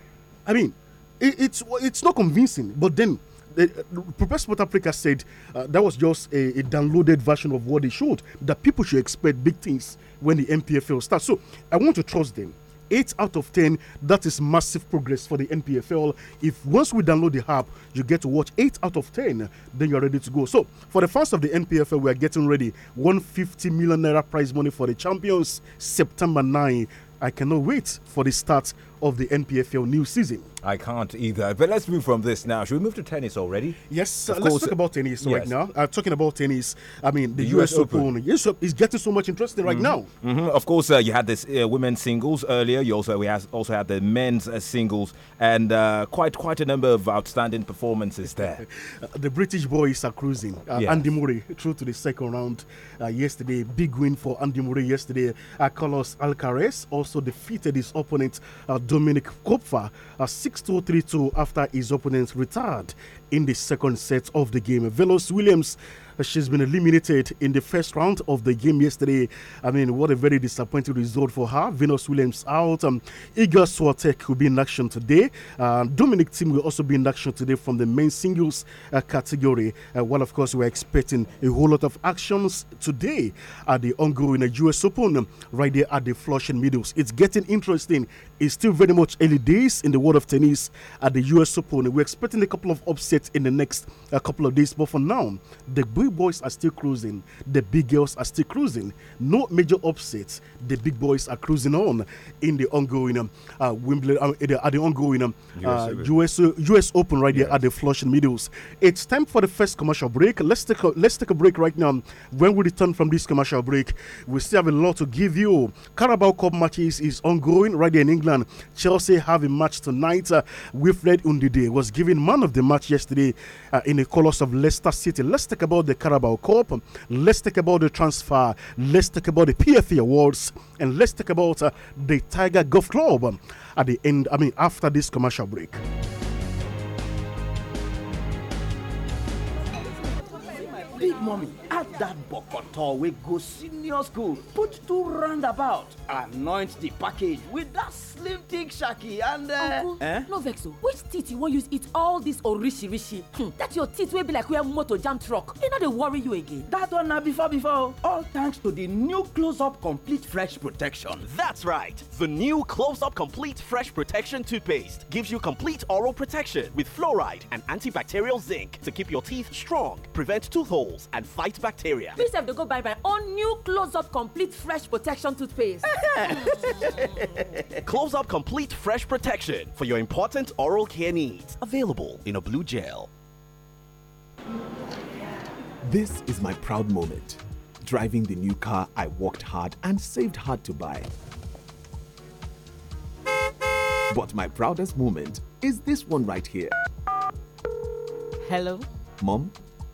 I mean, it, it's it's not convincing. But then, the, uh, Professor Sport said uh, that was just a, a, downloaded version of what they showed. That people should expect big things when the MPFL starts. So I want to trust them. 8 out of 10. That is massive progress for the NPFL. If once we download the app, you get to watch 8 out of 10, then you're ready to go. So, for the first of the NPFL, we are getting ready. 150 million naira prize money for the champions, September 9. I cannot wait for the start of the NPFL new season. I can't either. But let's move from this now. Should we move to tennis already? Yes, uh, let's talk about tennis yes. right now. Uh, talking about tennis, I mean, the, the US, US, Open. US Open is getting so much interesting right mm -hmm. now. Mm -hmm. Of course, uh, you had this uh, women's singles earlier. You also we also had the men's uh, singles, and uh, quite quite a number of outstanding performances there. the British boys are cruising. Yes. Andy Murray through to the second round yesterday. Big win for Andy Murray yesterday. Uh, Carlos Alcaraz also defeated his opponent. Uh, Dominic Kopfer at 6 2 3 2 after his opponent retired in the second set of the game. Velos Williams uh, she's been eliminated in the first round of the game yesterday. I mean, what a very disappointing result for her. Venus Williams out. Um, Igor Swatek will be in action today. Uh, Dominic Tim will also be in action today from the main singles uh, category. Uh, while, well, of course, we're expecting a whole lot of actions today at the ongoing US Open um, right there at the Flushing Meadows. It's getting interesting. It's still very much early days in the world of tennis at the US Open. We're expecting a couple of upsets in the next uh, couple of days. But for now, the big boys are still cruising, the big girls are still cruising. No major upsets. The big boys are cruising on in the ongoing um, uh, Wimbledon, uh, at the ongoing um, US, uh, US, uh, Open right yes. there at the Flushing Meadows. It's time for the first commercial break. Let's take a, let's take a break right now. When we return from this commercial break, we still have a lot to give you. Carabao Cup matches is ongoing right there in England. Chelsea have a match tonight. Uh, Wilfred Undide was given man of the match yesterday yesterday uh, in the colours of Leicester City. Let's talk about the Carabao Cup. Let's talk about the transfer. Let's talk about the PFA Awards, and let's talk about uh, the Tiger Golf Club at the end. I mean, after this commercial break. big mommy that dat bokoto we go senior school put two roundabout anoint the package with that slim thick shaki and uh, uncle eh? no vex o which teeth you wan use eat all this orishi hmm That your teeth wey be like where motor jam truck e no dey worry you again That one na before before all thanks to the new close up complete fresh protection that's right the new close up complete fresh protection toothpaste gives you complete oral protection with fluoride and antibacterial zinc to keep your teeth strong prevent tooth hole and fight bacteria. Please have to go buy my own new Close Up Complete Fresh Protection toothpaste. Close Up Complete Fresh Protection for your important oral care needs. Available in a blue gel. This is my proud moment. Driving the new car I worked hard and saved hard to buy. But my proudest moment is this one right here. Hello? Mom,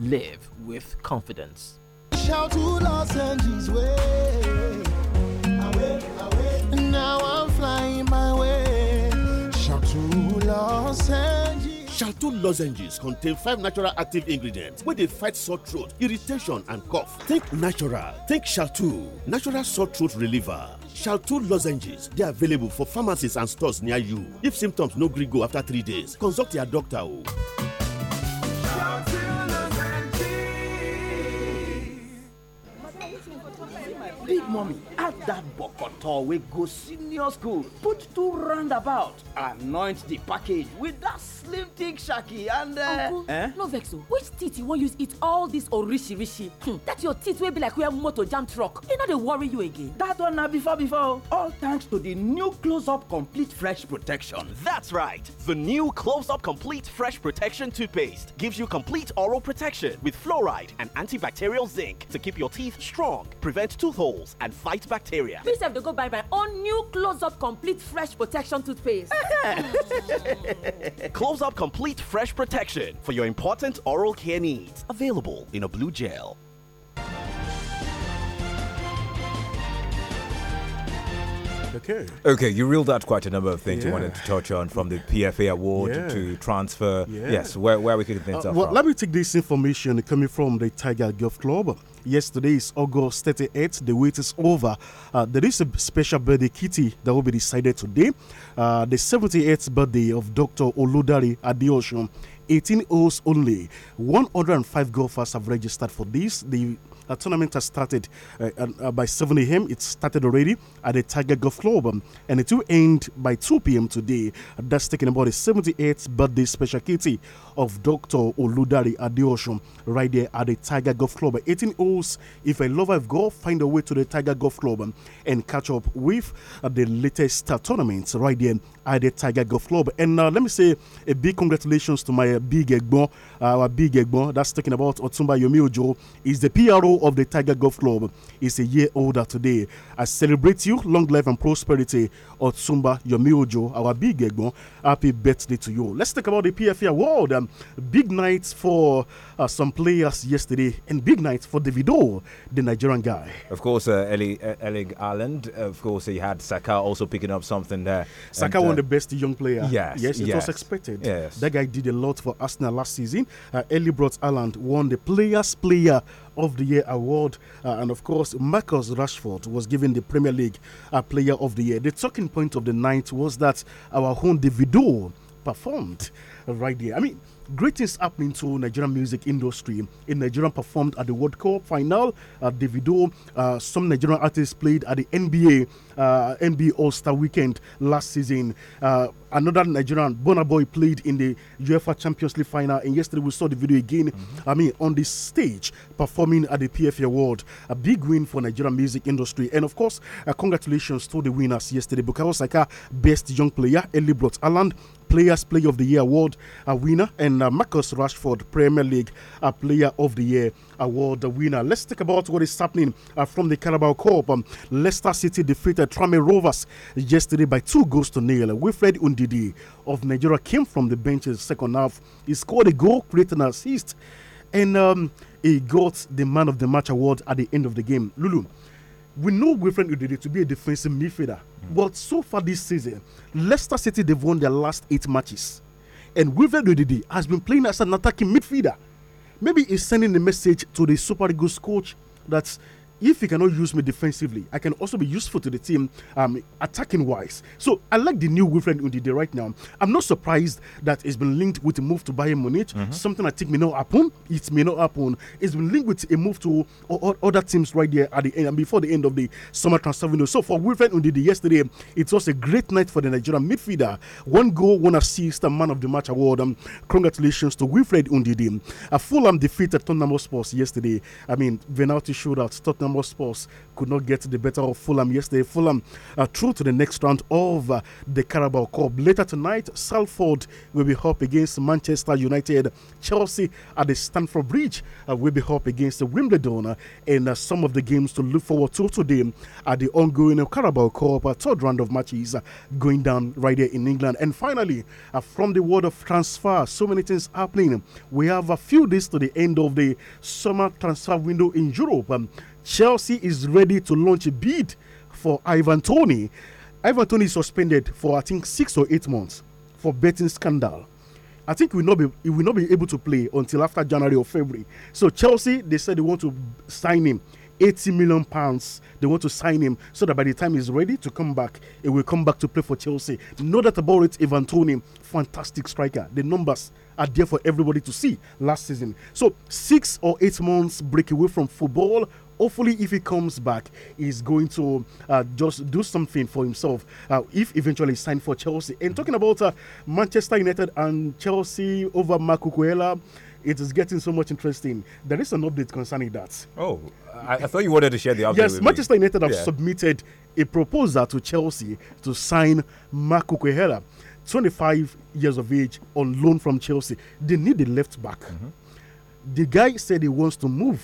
live with confidence. Shout to Los Angeles way. Now I'm flying my way. Shout to Los Angeles. Shalto lozenges contain five natural active ingredients where they fight sore throat, irritation, and cough. Think natural. Think Shalto. Natural sore throat reliever. Shalto lozenges. They are available for pharmacies and stores near you. If symptoms no gree after three days, consult your doctor. Oh. big mommy add that bokoto wey go senior school put two roundabout anoint the package with that slim thick shaki and uh, uncle eh? no vex o which teeth you wan use eat all this orishi hmm That your teeth wey be like where motor jam truck e no dey worry you again dat one na before before all thanks to di new close up complete fresh protection that's right the new close up complete fresh protection toothpaste gives you complete oral protection with fluoride and antibacterial zinc to keep your teeth strong prevent tooth hole holes and fight bacteria. Please have to go buy my own new Close Up Complete Fresh Protection toothpaste. Close Up Complete Fresh Protection for your important oral care needs. Available in a blue gel. Okay. Okay, you reeled out quite a number of things yeah. you wanted to touch on from the PFA award yeah. to transfer. Yeah. Yes, where, where are we kicking things uh, off? Well, from? let me take this information coming from the Tiger Golf Club. Yesterday is August 38th. The wait is over. Uh, there is a special birthday kitty that will be decided today. Uh, the 78th birthday of Dr. Oludari Adeosun. 18 holes only. 105 golfers have registered for this. The the tournament has started uh, uh by 7 a.m. It started already at the Tiger Golf Club um, and it will end by 2 p.m. today. That's taking about the 78th birthday special kitty of Dr. Oludari Adeoshun right there at the Tiger Golf Club. 18 holes. If a lover of golf, find a way to the Tiger Golf Club um, and catch up with uh, the latest uh, tournaments right there at the Tiger Golf Club. And uh, let me say a big congratulations to my uh, big Egbon, our big Egbon. That's talking about Otumba Ojo is the PRO of the Tiger Golf Club, is a year older today. I celebrate you, long life and prosperity, Otsumba Yomiojo, our big egbon. Happy birthday to you. Let's talk about the PFA Award. Um, big night for uh, some players yesterday, and big night for Davido, the Nigerian guy. Of course, uh, Ellie, uh, Ireland. Of course, he had Saka also picking up something there. Saka won uh, the best young player. Yes, yes, it yes. was expected. Yes, that guy did a lot for Arsenal last season. Uh, Ellie brought Ireland won the Players Player of the Year award. Uh, and of course, Marcus Rashford was given the Premier League uh, Player of the Year. The talking point of the night was that our own Davido performed right there. I mean, great things happening to Nigerian music industry. In Nigeria performed at the World Cup final, uh, Davido, uh, some Nigerian artists played at the NBA uh, NBA All Star weekend last season. Uh, another Nigerian, Bonaboy, played in the UEFA Champions League final. And yesterday we saw the video again, mm -hmm. I mean, on the stage performing at the PFA Award. A big win for Nigerian music industry. And of course, uh, congratulations to the winners yesterday. Bukayo Saka, Best Young Player, Eli Blot Island Players Player of the Year Award winner, and Marcus Rashford, Premier League Player of the Year Award winner. Let's talk about what is happening uh, from the Carabao Cup. Um, Leicester City defeated Trame Rovers yesterday by two goals to nil. Wilfred Undidi of Nigeria came from the bench in the second half. He scored a goal, created an assist, and um, he got the Man of the Match award at the end of the game. Lulu, we know Wilfred Udidi to be a defensive midfielder, mm. but so far this season, Leicester City they've won their last eight matches, and Wilfred Udidi has been playing as an attacking midfielder. Maybe he's sending a message to the Super Eagles coach that if he cannot use me defensively, I can also be useful to the team um, attacking wise. So I like the new Wilfred Ndidi right now. I'm not surprised that it's been linked with a move to Bayern Munich, mm -hmm. something I think may not happen. It may not happen. It's been linked with a move to other teams right there at the end and before the end of the summer transfer window. So for Wilfred Ndidi yesterday, it was a great night for the Nigerian midfielder. One goal, one assist, a man of the match award. Um, congratulations to Wilfred Ndidi. A Fulham at Tottenham Sports yesterday. I mean, Venalti showed out Tottenham Tottenham Hotspurs could not get the better of Fulham yesterday. Fulham are through to the next round of uh, the Carabao Cup. Later tonight, Salford will be up against Manchester United. Chelsea at the Stamford Bridge uh, will be up against Wimbledon. Uh, and uh, some of the games to look forward to today are the ongoing Carabao Cup uh, third round of matches uh, going down right here in England. And finally, from the world of transfer, so many things happening. We have a few days to the end of the summer transfer window in Europe. Um, Chelsea is ready to launch a bid for Ivan Tony. Ivan Tony is suspended for I think six or eight months for betting scandal. I think he will not be he will not be able to play until after January or February. So Chelsea they said they want to sign him. 80 million pounds. They want to sign him so that by the time he's ready to come back, he will come back to play for Chelsea. No doubt about it, Ivan Tony, fantastic striker. The numbers are there for everybody to see last season. So, six or eight months break away from football hopefully, if he comes back, he's going to uh, just do something for himself uh, if eventually signed for Chelsea. And talking about uh, Manchester United and Chelsea over Makukuela, it is getting so much interesting. There is an update concerning that. Oh, I, I thought you wanted to share the update. Yes, Manchester me. United have yeah. submitted a proposal to Chelsea to sign Cuellar, 25 years of age, on loan from Chelsea. They need a left back. Mm -hmm. The guy said he wants to move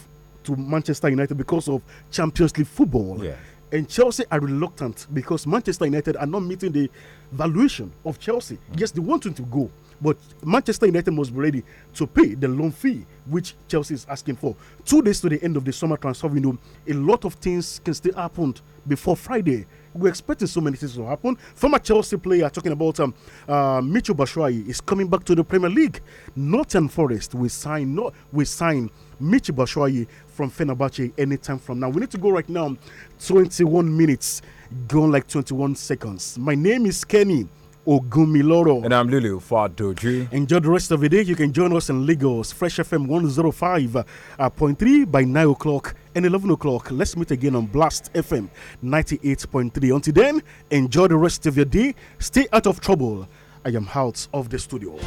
to Manchester United because of Champions League football. Yeah. And Chelsea are reluctant because Manchester United are not meeting the valuation of Chelsea. Mm. Yes, they want him to go, but Manchester United must be ready to pay the loan fee which Chelsea is asking for. Two days to the end of the summer transfer window, a lot of things can still happen before Friday we're expecting so many things to happen. Former Chelsea player talking about um, uh, Mitchell Batshuayi is coming back to the Premier League. Norton Forest will sign. Not we sign. Michi Batshuayi from Fenerbahce anytime from now. We need to go right now. 21 minutes gone like 21 seconds. My name is Kenny. Ogumiloro. And I'm Lulu Fadoju. Enjoy the rest of the day. You can join us in Lagos, Fresh FM 105.3 uh, by 9 o'clock and 11 o'clock. Let's meet again on Blast FM 98.3. Until then, enjoy the rest of your day. Stay out of trouble. I am out of the studio.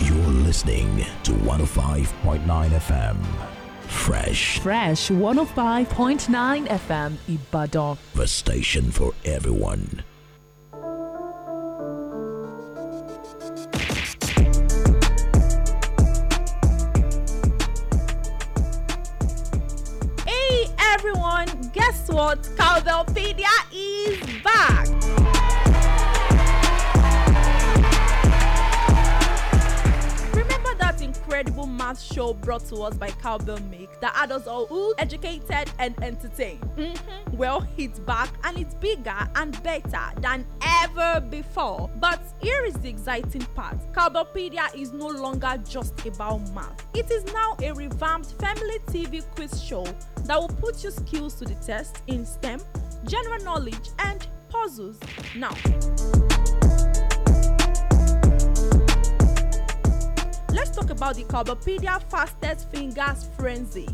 You're listening to 105.9 FM. Fresh. Fresh 105.9 FM Ibadan. The station for everyone. guess what? Cowbellpedia is back! incredible math show brought to us by Cowbell Make that had us all ooh, educated and entertained. Mm-hmm. Well, it's back and it's bigger and better than ever before. But here is the exciting part Cowbellpedia is no longer just about math, it is now a revamped family TV quiz show that will put your skills to the test in STEM, general knowledge, and puzzles. Now, let's talk about the Carbopedia Fastest Fingers Frenzy.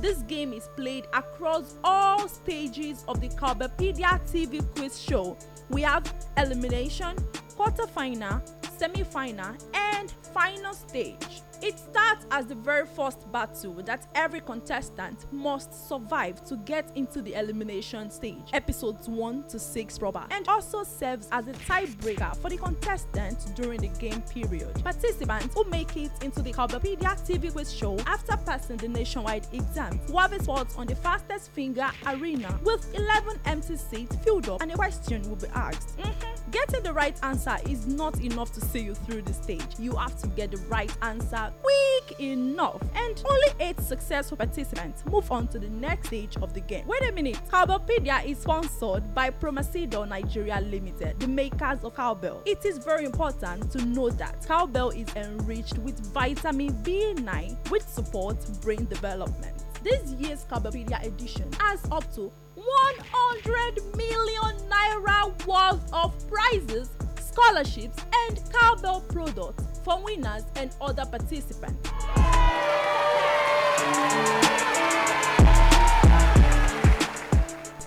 This game is played across all stages of the Carbopedia TV quiz show. We have elimination, quarterfinal, semifinal, and final stage. It starts as the very first battle that every contestant must survive to get into the elimination stage, episodes 1 to 6 proper, and also serves as a tiebreaker for the contestants during the game period. Participants who make it into the Cobblepedia TV quiz show after passing the nationwide exam will have a spot on the fastest finger arena with 11 empty seats filled up and a question will be asked. Mm-hmm. Getting the right answer is not enough to see you through the stage. You have to get the right answer Quick enough, and only eight successful participants move on to the next stage of the game. Wait a minute, Cowbellpedia is sponsored by Promasido Nigeria Limited, the makers of cowbell. It is very important to know that cowbell is enriched with vitamin B9, which supports brain development. This year's Cowbellpedia edition has up to 100 million naira worth of prizes, scholarships, and cowbell products for winners and other participants.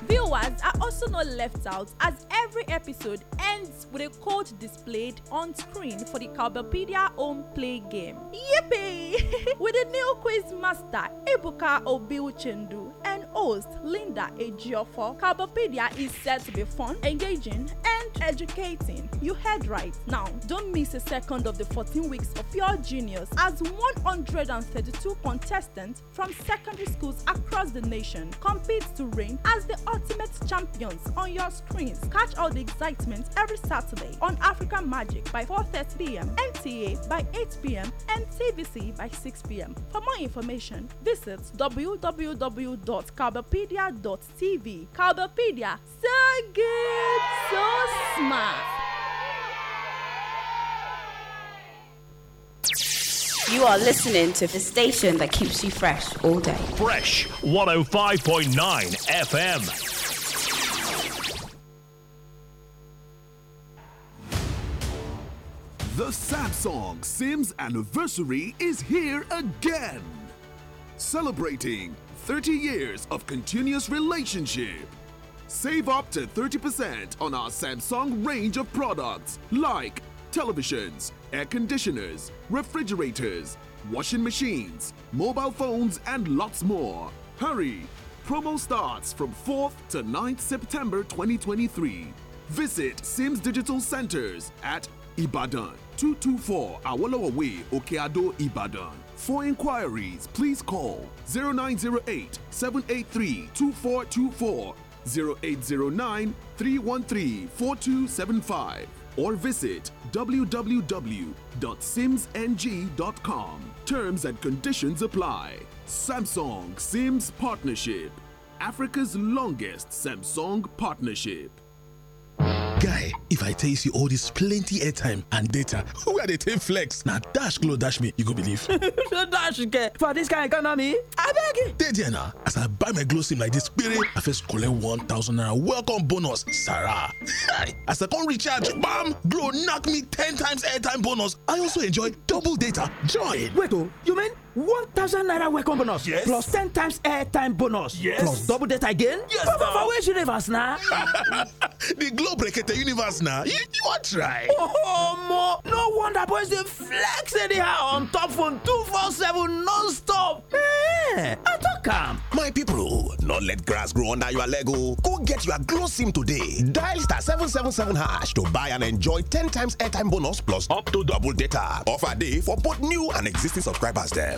Viewers are also not left out as every episode ends with a code displayed on screen for the Cowbellpedia home play game. Yippee! with the new quiz master, Ibuka Obilchendu host, Linda Ejiofor, Carbopedia is set to be fun, engaging, and educating. You heard right. Now, don't miss a second of the 14 weeks of your genius as 132 contestants from secondary schools across the nation compete to reign as the ultimate champions on your screens. Catch all the excitement every Saturday on African Magic by 4:30 p.m., NTA by 8 p.m., and TVC by 6 p.m. For more information, visit www.carbopedia.com Calbepedia.tv. Calbepedia, so good, so smart. You are listening to the station that keeps you fresh all day. Fresh 105.9 FM. The Samsung Sims anniversary is here again. Celebrating 30 years of continuous relationship. Save up to 30% on our Samsung range of products like televisions, air conditioners, refrigerators, washing machines, mobile phones, and lots more. Hurry! Promo starts from 4th to 9th September 2023. Visit Sims Digital Centers at Ibadan, 224 Awolowo Way, Okeado, Ibadan. For inquiries, please call 0908 783 2424, 0809 313 4275, or visit www.simsng.com. Terms and conditions apply. Samsung Sims Partnership, Africa's longest Samsung partnership. guy if i tell you see all this plenty airtime and data Who are dey take flex Now, dash glow dash me you go believe no dash get for dis kain economy abeg dey there na as i buy my glow sim like this, kpere i first collect one thousand naira welcome bonus sarah as i come recharge bam glow Knock me ten times airtime bonus i also enjoy double data join wait o oh, you mean One thousand naira welcome bonus yes plus ten times airtime bonus yes plus double data again yes for which universe na the globe brekete universe na you wan try oh no wonder boys dey flex anyhow on top phone two four seven non-stop eh i tok am my pipo no let grass grow under your leg o oh. go get your glow sim today dial star seven seven seven hash to buy and enjoy ten times airtime bonus plus up to double data offer dey for both new and existing subscribers dem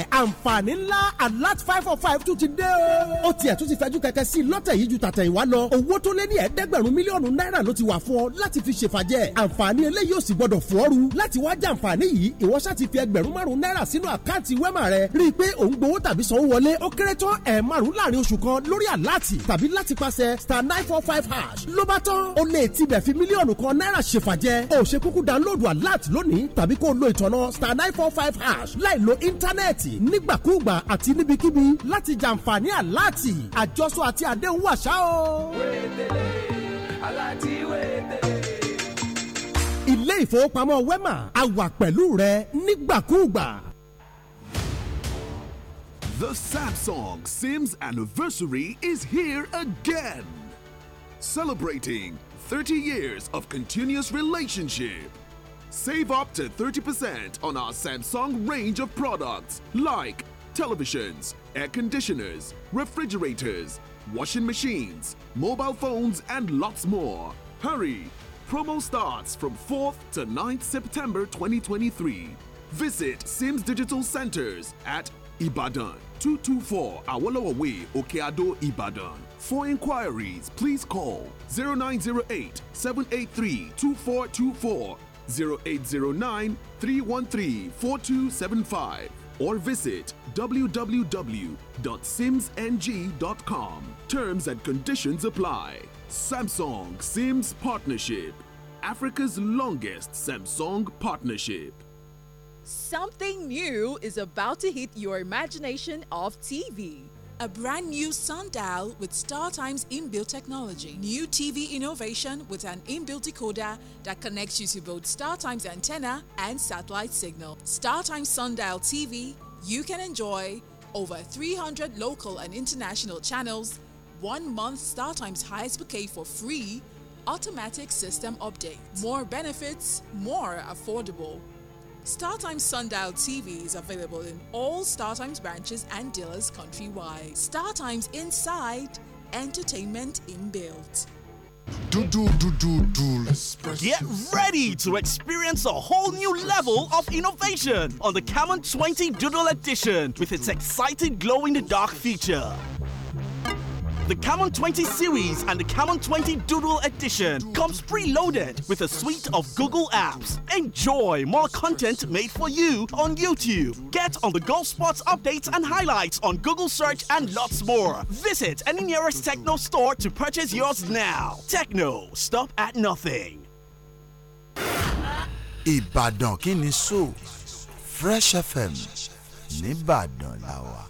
lọ́sẹ̀ àǹfààní ńlá alert five four five tún ti dé o. ó tiẹ̀ tún ti fẹ́jú kẹ̀kẹ́ sí i lọ́tẹ̀ yìí ju tàtẹ̀ ìwá lọ. owó tó lé ní ẹ̀ẹ́dẹ́gbẹ̀rún mílíọ̀nù náírà ló ti wà fún ọ láti fi ṣèfàjẹ́. àǹfààní eléyìí ò sì gbọdọ̀ fọ́ọ̀rù. láti wá jẹ àǹfààní yìí ìwọ ṣáà ti fi ẹgbẹ̀rún márùn-ún náírà sínú àkáǹtì wẹ́mà rẹ. rí i pé ò ń gbowó tàbí sanwó wọlé ó kéré tán ẹ̀ márùn-ún láàrin oṣù kan lórí àláàtì tàbí láti pàṣẹ star nine four five hash. ló bá tán o lè tibẹ̀ fi mílíọ̀nù kan náírà ṣèfàjẹ́. o ṣe kúkú dáńlóòdù àláàtì lónìí tàbí kó o lo ìtọ̀nà star nine four five hash láì lo íńtánẹ́ẹ̀tì aláàtì nígbàkúùgbà àti níbikíbi láti jàǹfààní aláàtì àjọsọ àti àdéhùn àṣà o. wéètèlè aláàtì wéètèlè ilé ìfowópamọ́ wema a wà pẹ̀lú rẹ nígbàkúùgbà. The Samsung Sims anniversary is here again. Celebrating 30 years of continuous relationship. Save up to 30% on our Samsung range of products like televisions, air conditioners, refrigerators, washing machines, mobile phones, and lots more. Hurry! Promo starts from 4th to 9th September 2023. Visit Sims Digital Centers at Ibadan, 224 Awolowo Way, Okeado, Ibadan. For inquiries, please call 0908 783 2424 0809 313 4275 or visit www.simsng.com. Terms and conditions apply. Samsung Sims Partnership, Africa's longest Samsung partnership. Something new is about to hit your imagination of TV. A brand new sundial with StarTimes inbuilt technology. New TV innovation with an inbuilt decoder that connects you to both StarTimes antenna and satellite signal. StarTimes Sundial TV, you can enjoy over 300 local and international channels, one month StarTimes highest bouquet for free, automatic system update. More benefits, more affordable. StarTimes Sundial TV is available in all StarTimes branches and dealers countrywide. StarTimes Inside, entertainment inbuilt. Do, do, do, Get ready to experience a whole new level of innovation on the Camon 20 Doodle Edition with its exciting glow in the dark feature. The Camon 20 series and the Camon 20 Doodle Edition comes preloaded with a suite of Google apps. Enjoy more content made for you on YouTube. Get on the golf spots updates and highlights on Google search and lots more. Visit any nearest techno store to purchase yours now. Techno, stop at nothing. Ibadan kini Fresh FM Nìbàdàn làwà.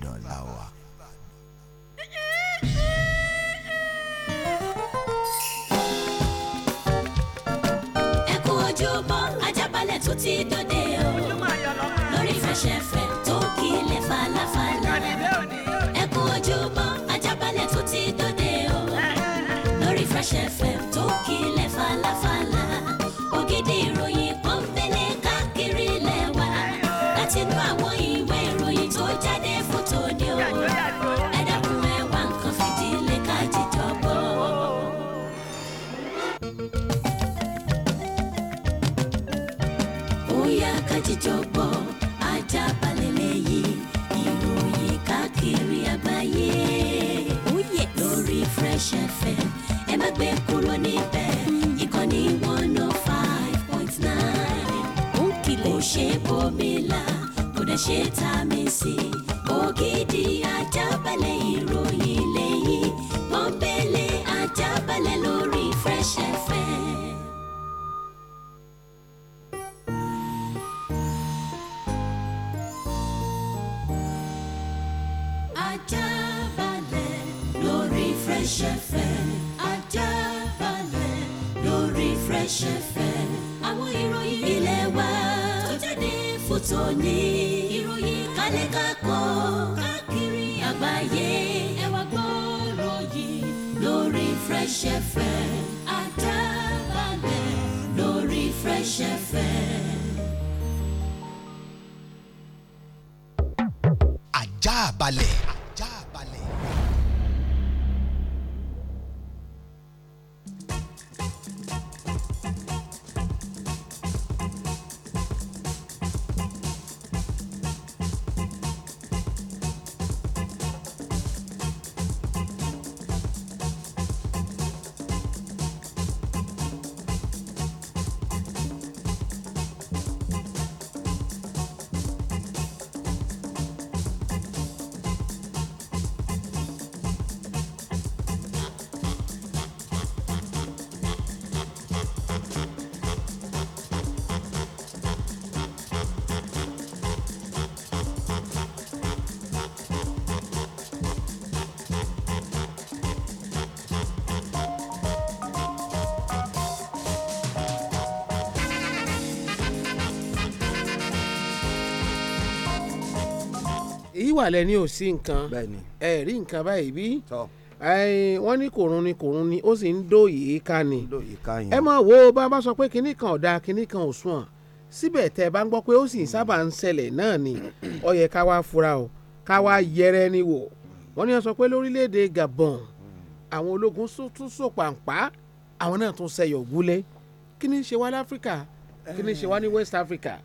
Ajaabale lórí Fresh FM Ajaabale lórí Fresh FM àwọn ìròyìn ilé wa tó jáde fún tòní ìròyìn kálẹ̀ kákọ́ káàkiri àgbáyé ẹ wá gbọ́rọ̀ yìí lórí Fresh FM Ajaabale lórí Fresh FM. balẹ̀. wà lẹ́ni ò sí nǹkan ẹ rí nǹkan báyìí bí wọ́n ní kòrun ni kòrun ni ó sì ń dòye ká ni ẹ mọ̀ wo bá bá sọ pé kinní kan ọ̀dà kinní kan ò sùn síbẹ̀ tẹ́ ẹ bá ń gbọ́ pé ó sì hmm. sábà ń ṣẹlẹ̀ náà ni ó ká wá fura o ká wá yẹrẹ ni wò wọ́n ní wọ́n sọ pé lórílẹ̀‐èdè Gabon hmm. àwọn ológun tún sòpàǹpá àwọn náà tún ṣẹyọ̀ gúlẹ̀ kí ni ṣe wá láfíríkà kí ni ṣe wá ní eh. West Africa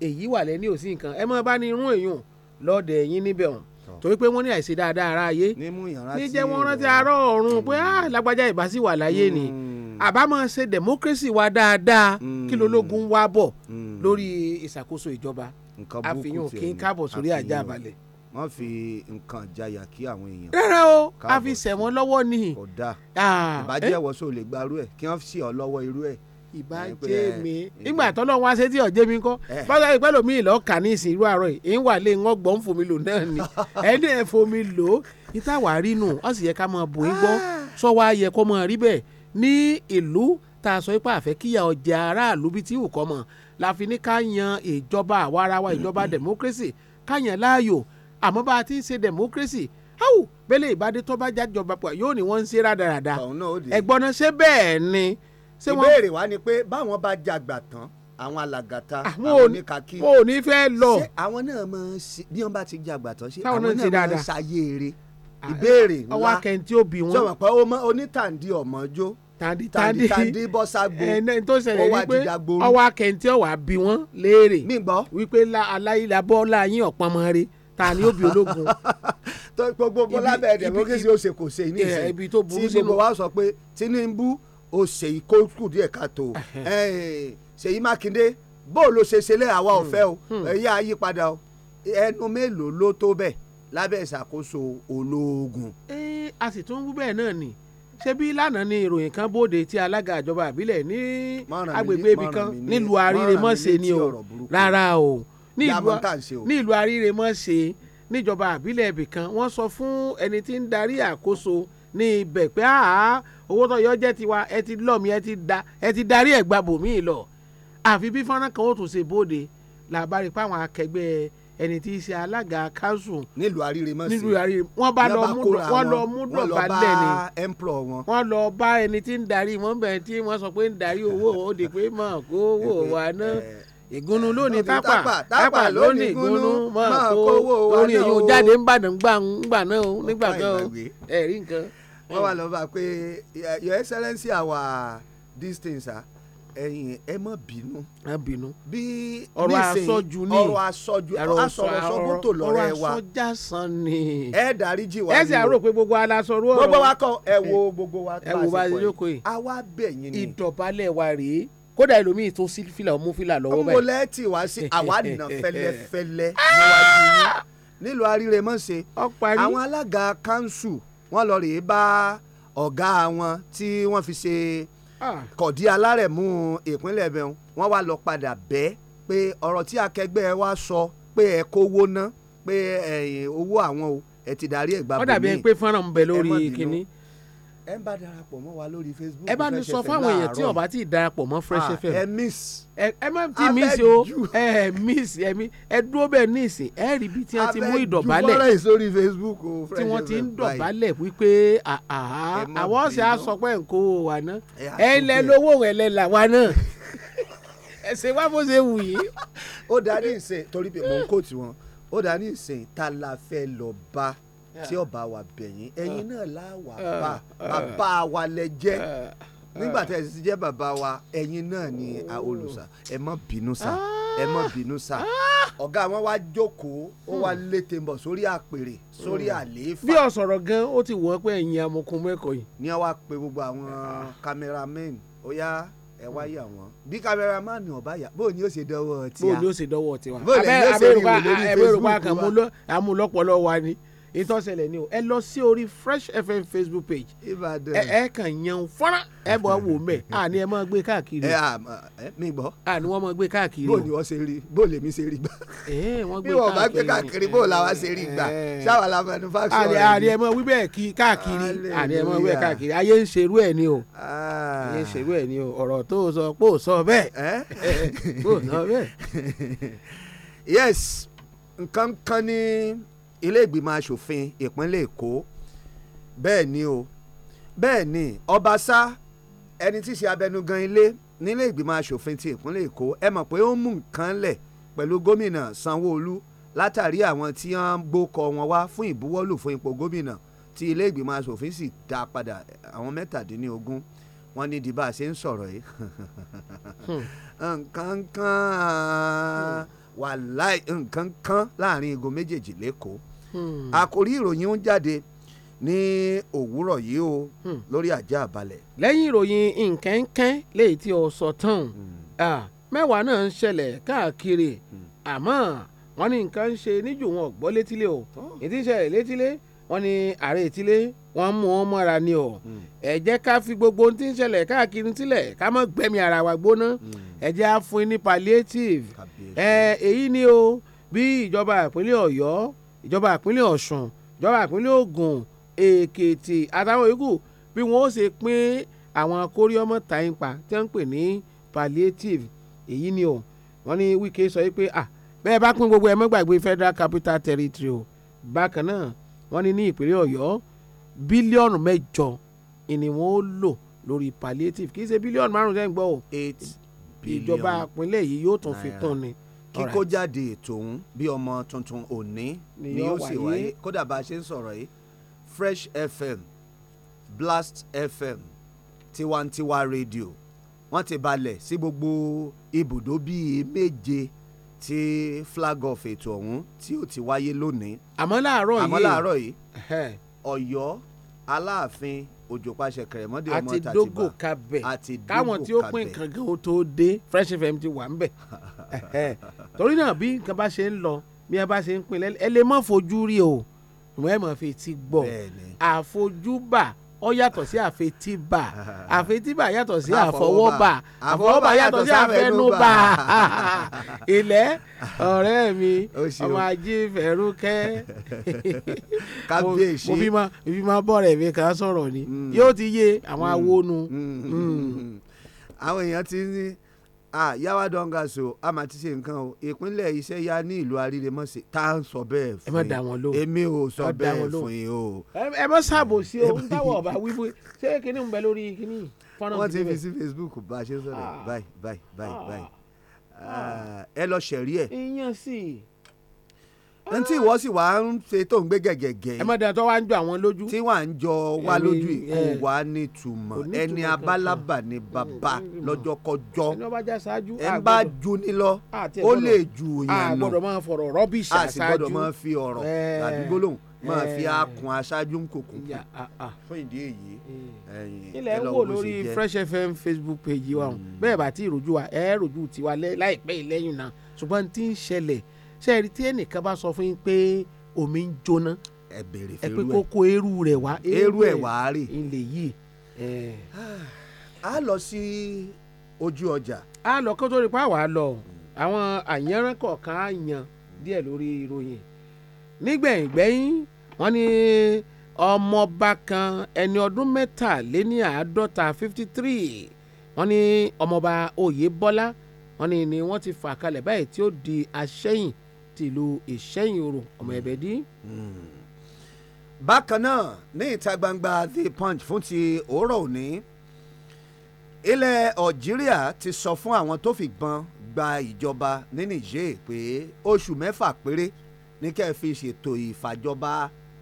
èyí wà lẹ́ni òsì nǹkan ẹ mọ̀ bá ní irun èèyàn lọ́ọ̀dẹ̀ yín níbẹ̀ ọ̀hún torí pé wọ́n ní àìsí dáadáa ara ayé níjẹ́ wọ́n rántí arọ́ ọ̀run pé hmm. ah, lágbájá ìbásí wà láyé ni hmm. àbámọ̀ ṣe democracy wa dáadáa hmm. kí lológun wá bọ̀ lórí ìṣàkóso ìjọba àfihàn kí n káàbọ̀ sórí ajá balẹ̀. wọ́n fi nǹkan jayà kí àwọn èèyàn. rárá o a fi sẹ̀wọ́n lọ́wọ́ ni. kò dáa ah, ìbàjẹ́ eh? wọ́sọ̀ lè gbarú ẹ̀ kí wọ́n sì ọ lọ́wọ́ irú ẹ̀ ìbàjẹ́ mi ìgbà tọ́lọ́ wọn ṣe tí ọ̀jẹ́ mi kọ́ bọ́lá ìpẹ́ lomi ìlọ́ọ̀kà ní ìsìn irú àárọ̀ yìí ń wà lé ń gbọ́n fomi lò náà ni ẹni ẹ̀ fomi lò níta wà rí nù ó sì yẹ ká máa bò ń gbọ́ ah. sọ wá yẹ kó máa rí bẹ́ẹ̀ ní ìlú tá a sọ pé àfẹ́ kíyà ọjà aráàlú bíi tí ò mọ̀ la fi ní ká yan ìjọba àwarawa ìjọba mm-hmm. democracy ká yan láàyò àmọ́ bá a ti ń ṣe democracy áwù bẹ́lẹ̀ ìbádé tó bá jájọba pọ̀ yóò ní wọ́n ń ṣe rádaràda ẹ̀gbọ́n náà ṣe bẹ́ẹ̀ ni ìbéèrè wa ni pé báwọn bá jàgbà tán àwọn alàgàtà ah, àwọn oníkàkí. mo ò ní fẹ́ lọ. ṣé àwọn náà mọ bí wọn bá ti jàgbà tán ṣé àwọn náà mọ ṣayé eré ah, ìbéèrè ńlá ọwọ́ akẹ́ntì òbí wọn. sọ̀rọ̀ pé onítàǹdì ọ̀mọ́jó tàdí tàdí tàdí bọ́sàgbò ẹnẹ tó ṣẹlẹ̀ wípé ọwọ́ akẹ́ntì ọ̀wà bí wọ́n léèrè wípé aláìlábọ́ láyín ọ̀pọ̀mọ́ rẹ̀ ta ni obi bí ológun. tó gbogbo bọ́lá bẹ̀rẹ̀ dẹ̀ mọ́kẹ́sì ó ṣe kò ṣe ní ìsìn eh, tí gbogbo wa sọ pé Tinubu ó ṣe ikó kù díẹ̀ káàtó ṣèyí mákindé bóò ló ṣe ṣe lé àwa ọ̀fẹ́ hmm. o hmm. ẹ̀yà àyípadà o ẹnu mélòó ló tó bẹ́ẹ̀ lábẹ́ ìṣàkóso ológun. ẹ a sì tún wú bẹ́ẹ̀ náà ni ṣebí lánàá ni ìròyìn kan bóde tí alága ìjọba àbílẹ̀ ní agbègbè ibì kan nílùú àríremọ́sẹ̀ ni o rárá o ní ìlú àríremọ́sẹ̀ níjọba àbílẹ̀ ibì kan wọ́n sọ fún ẹni tí ń darí àkóso ní ibẹ̀ pé àá owó tọyọ jẹ́ tiwa ẹ ti lọ́ọ̀mí ẹ ti da ẹ ti darí ẹ̀ gba bòmíì lọ àfi bí fọ́nrán kan ó tún ṣe bóde làbárí páwọn akẹgbẹ́ ẹ ẹni tí í ṣe alága kanṣu. nílùú àríre mọ̀ sí nílùú àríre wọ́n bá lọ mú wọ́n lọ mú dọ̀bálẹ̀ ni wọ́n lọ bá ẹni tí ń darí wọ́n bẹ̀rẹ̀ tí wọ́n sọ pé ń darí owó ó di pé mọ̀ kó owó wa náà ìgúnnu lónìí tápà tápà lónìí ìgúnnu mọ̀ kó orin èyí ò jáde ńbàdàn ńgbà náà nígbà kan ẹ̀rí nǹkan wọ́n wà lọ́ba pé your excellency our these things ah ẹ̀yin ẹ má bínú. ẹ bínú. bí ọ̀rọ̀ asọjú ni ọ̀rọ̀ asọjú asọ̀rọ̀sọgbó tó lọ́rọ̀ ẹ wa ọ̀rọ̀ asọjásán ni. ẹ dáríjì wa ni o ẹ sì àrò pé gbogbo alasọrú ọ̀rọ̀ gbogbo wa kọ ẹ wo gbogbo wa tó àsìkò yìí àwa bẹ̀yìn ni. ìdọ̀bálẹ̀ wa rèé kódà ẹlòmíì tó sí fìlà mú fìlà lọ́wọ́ báyìí. ngolẹ́ tí wá sí àwa nà ah! níwájú yín nílùú àríremọ́sẹ̀ àwọn alága kanṣu wọ́n lọ rèé bá ọ̀gá wọn tí wọ́n fi ṣe ah. kọ̀dí alárẹ̀mú ìpínlẹ̀ bẹ̀rù wọ́n wá lọ padà bẹ́ẹ̀ pé ọ̀rọ̀ tí akẹgbẹ́ wa sọ pé ẹ kówó ná pé owó àwọn ẹ ti darí ẹ̀ gbà bọ̀ ó dàbí pé fọ́nrán ń bẹ lórí kínní ẹ ń bá darapọ̀ mọ́ wa lórí facebook. ẹ bá ní sọ fáwọn èèyàn tí ó bá ti darapọ̀ mọ́ fresh fm. ẹ miss. ẹ má ti miss o ẹ miss ẹ mi ẹ dúró bẹ́ẹ̀ ní ìsìn ẹ rí ibi tí wọ́n ti mú ìdọ̀bálẹ̀. facebook o fresh fm. tí wọ́n ti ń dọ̀bálẹ̀ wípé àwọn ọ̀sẹ̀ á sọ pé nǹkó wa náà ẹ lẹ lówó rẹ lẹ là wa náà ẹ ṣe wá bó ṣe wù yìí. ó dá ní ìsìn torí pé mò ń kóòtù wọn ó dá ní ìsìn tá la fẹ́ lọ bá tí ọba wa bẹ̀yìn ah. ẹ̀yin náà láwà ah. bá ah. bàbá wa lẹ jẹ́ nígbà tẹ́ ẹ ti jẹ́ bàbá wa ẹ̀yin náà ni oh. olùsà ẹ má bínú sà ẹ má bínú sà ọ̀gá wọn wá jókòó ó wá hmm. létè bọ̀ sórí àpèrè sórí hmm. àlééfà. bí ọ̀sọ̀rọ̀ gan ó ti wọ́n pé ẹ̀yin amọ̀kùn mẹ́kọ̀ọ́ yìí. ní wàá pe gbogbo àwọn kámẹ́rámẹ́n ó yá ẹ wá hmm. yà wọn bí kámẹ́rámánì ọba yà bóò ni ó ṣe dọ́wọ́ tiwa. bóò ni ó ṣe dọ́wọ́ tiwa. bóò lẹ́yìn ó ṣe rí wò lórí wa ni ìtọ́sẹ̀lẹ̀ ni o ẹ lọ sí orí Fresh FM Facebook page ẹ ẹ kàn yan fọ́nrán ẹ bọ̀ wò mẹ́ à ní ẹ máa gbé káàkiri. ẹ à mi gbọ́. à ní wọ́n máa gbé káàkiri. bó ni wọ́n ṣe rí bó lèmi ṣe rí gbà. ẹ wọ́n gbé káàkiri. bí wọ́n bá gbé káàkiri bó làwa ṣe rí gbà ṣáwa la manufacture rẹ. ni ní ẹ máa wí bẹ́ẹ̀ kí káàkiri à ní ẹ máa wí bẹ́ẹ̀ káàkiri ayé ń ṣerú ẹ̀ ni o ayé ń ṣerú ẹ̀ ni o ọ̀rọ̀ tó sọ pò sọ bẹ́ẹ̀ pò sọ bẹ́ẹ̀. yes nǹkan ni ilé ìgbìmọ̀ asòfin ìpínlẹ̀ èkó bẹ́ẹ̀ ni o bẹ́ẹ̀ ni ọbaṣá ẹni tí í ṣe abẹnugan ilé nílé ìgbìmọ̀ asòfin ti ìpínlẹ̀ èkó ẹ mọ̀ pé ó mú nǹkan lẹ̀ pẹ̀lú gómìnà sanwó-olú látàrí àwọn tí wọ́n gbókọ̀ wọn wá fún ìbúwọ́lù fún ipò gómìnà tí ilé ìgbìmọ̀ asòfin sì dá padà àwọn mẹ́tàdínlógún wọ́n ní di bá a ṣe ń sọ̀rọ̀ yìí hmm. nǹkan kan. Hmm wàláì nǹkan kan láàrin igun méjèèjì lẹ́kọ̀ọ́ hmm. àkòrí ìròyìn ń jáde ní òwúrọ̀ yìí o hmm. lórí àjà àbálẹ̀. lẹ́yìn ìròyìn nkẹ́ńkẹ́ léyìí tí o sọ tán hmm. mẹ́wàá náà ń ṣẹlẹ̀ káàkiri àmọ́ wọ́n ní nǹkan ń ṣe níjù wọn ò gbọ́ létílé o ètí létílé wọ́n ní ààrẹ ètílé wọ́n mú wọn mọ́ra ni o hmm. ẹ jẹ́ ká fi gbogbo ohun tí ń ṣẹlẹ̀ káàkiri sílẹ̀ ká má gbẹ̀mí ara wa gbóná hmm. ẹ jẹ́ á fún yín ní palliative ẹ èyí ni o bí ìjọba ìpínlẹ̀ ọ̀yọ́ ìjọba ìpínlẹ̀ ọ̀ṣun ìjọba ìpínlẹ̀ ògùn èkìtì àtàwọn yòókù bí wọ́n ó ṣe pín àwọn kóríọ́mọ́ tàyín pa tí wọ́n ń pè ní palliative èyí ni o wọ́n ní Wike sọ pé ah bẹ́ẹ̀ bá pín gbogbo ẹ̀ mọ́ gbàgbé Federal Capital Territory o bákan náà wọ́n ní ní ìpínlẹ̀ ọ̀yọ́ bílíọ̀nù mẹ́jọ ni wọ́n lò lórí palliative kì í ṣe bílíọ̀nù márùn-ún tẹ́ ń gbọ́ o ìjọba ìpínlẹ̀ yìí yóò tún fi tán ni kíkó jáde ètò òun bí ọmọ tuntun òní ni yóò sì wáyé kódà bá a ṣe ń sọ̀rọ̀ yìí Fresh FM Blast FM Tiwantiwa Radio wọ́n ti balẹ̀ sí gbogbo ibùdó bíi méje tí flag off ètò ọ̀hún tí ó ti wáyé lónìí. àmọ́ láàárọ̀ yìí àmọ́ láàárọ̀ yìí ọ̀yọ́ aláàfin òjò pàṣẹ kẹrẹmọdé ọmọ tàtìbà àti dógò kabẹ káwọn tí ó pín nǹkan gan o tó dé fresh fm ti wà ń bẹ torí náà bí nǹkan bá ṣe ń lọ bí ẹ bá ṣe ń pín ẹ lè mọ fojú rí o ìwọ ẹ mọ fi ti gbọ́ àfojúbà ó yàtọ̀ sí àfetíbà àfetíbà yàtọ̀ sí àfọwọ́bà àfọwọ́bà yàtọ̀ sí àfẹnubà ilẹ̀ ọ̀rẹ́ mi ọmọ ajé fẹ̀rúkẹ́ mo fi máa fi máa bọ̀ rẹ̀ mi kan sọ̀rọ̀ ni hmm. yóò ti yé àwọn hmm. awonu. Hmm. àwọn èèyàn ti ní yàwá dọ́ngà so a ti ṣe nǹkan o ìpínlẹ̀ iṣẹ́ ya ní ìlú Arílẹ̀mọ́sẹ̀ tá à sọ bẹ́ẹ̀ fún yín èmi ò sọ bẹ́ẹ̀ fún yín o. ẹ mọ sáàbò sí o ń táwọ ọba wíwú ṣé kinní ń bẹ lórí kinní. wọ́n ti fi sí Facebook bá a ṣe sọ̀rọ̀ ah. báyìí báyìí báyìí ah. ẹ lọ ṣẹ̀rí ẹ̀. ìyẹn sì n tí ìwọ sì wá ń ṣe tó ń gbé gẹ̀gẹ̀gẹ̀. ẹ má dá tó wá ń jọ àwọn lójú. tí wàá ń jọ wá lójú yìí kò ní ìtumọ̀ ẹni abálábà ni bàbá mm, mm. lọ́jọ́kọjọ́ ẹ bá ju ni lọ ó lè ju yẹn lọ. a gbọ́dọ̀ máa fọ̀rọ̀ rọ́bìṣì aṣáájú. a sì gbọ́dọ̀ máa fi ọ̀rọ̀ eh. tàbí gbólóhùn máa fi eh. akun aṣáájú nkòkùn fún ìdí èyí. Eh. ilẹ̀ ń wò lórí Fresh FM Facebook page wa mm. bẹ́ẹ̀ bá ti rojú wa ẹ̀ rojú tiwa láìpẹ́ ìlẹ́yìn náà ṣùgbọ́n ti ń ṣẹlẹ̀ ṣe é rí tí ẹnìkan bá sọ fún yín pé omi ń jóná ẹ béèrè fún irú ẹ ẹ pé kó kó eérú rẹ wá eérú ẹ wá rè ilé yìí. Ah, a lọ sí ojú ọjà. a lọ kó tó rí pa wàá lọ àwọn àyànrán kọ̀ọ̀kan á yan díẹ̀ lórí ìròyìn nígbẹ̀yìngbẹ̀yìn wọ́n ní ọmọọba kan ẹni ọdún mẹ́tàléní fifty three wọ́n ní ọmọọba Oyèbọ́lá wọ́n ní ni wọ́n ti fà kalẹ̀ báyìí tí ó di aṣẹ́yìn tìlú ìṣẹ́yìnòrò ọmọ mm. ẹ̀bẹ̀ dí. Mm. bákan náà ní ìta gbangba the punch fún ti òórọ̀ òní ilẹ̀ algeria ti sọ fún àwọn tó fìbọn gba ìjọba ní niger pé oṣù mẹ́fà péré ní kẹ́ ẹ fi ṣètò ìfàjọba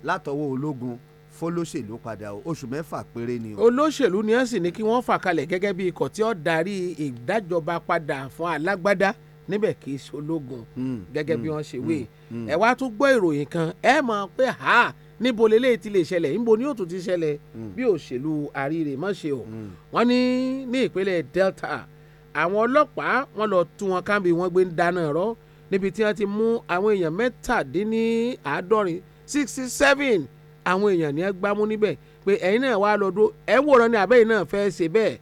látọwọ́ ológun fọlọ́ṣèlú padà o oṣù mẹ́fà péré ni olóṣèlú ni ẹ sì kí wọ́n fà kalẹ̀ gẹ́gẹ́ bí ikọ̀ tí ó darí ìdájọba padà fún alágbádá níbẹ̀ kì í ṣe ológun hmm. gẹ́gẹ́ bí hmm. wọ́n ṣe wé hmm. ẹ wá tún gbọ́ ìròyìn kan ẹ mọ̀ pé ha níbo lélẹ́ ti lè ṣẹlẹ̀ níbo ni yóò ti ṣẹlẹ̀ bí òṣèlú àríre mọ̀ ṣe o wọ́n ní ní ìpínlẹ̀ Delta àwọn ọlọ́pàá wọ́n lọ tú wọn káàbì wọ́n gbé ń dáná rọ́ níbi tí wọ́n ti mú àwọn èèyàn mẹ́tàdínníàádọ́rin sixty seven àwọn èèyàn ní ẹ gbámú níbẹ̀ pé ẹ̀yin náà wá lọ dúró ẹ̀ wòran ni àbẹ́yìn náà fẹ́ ṣe bẹ́ẹ̀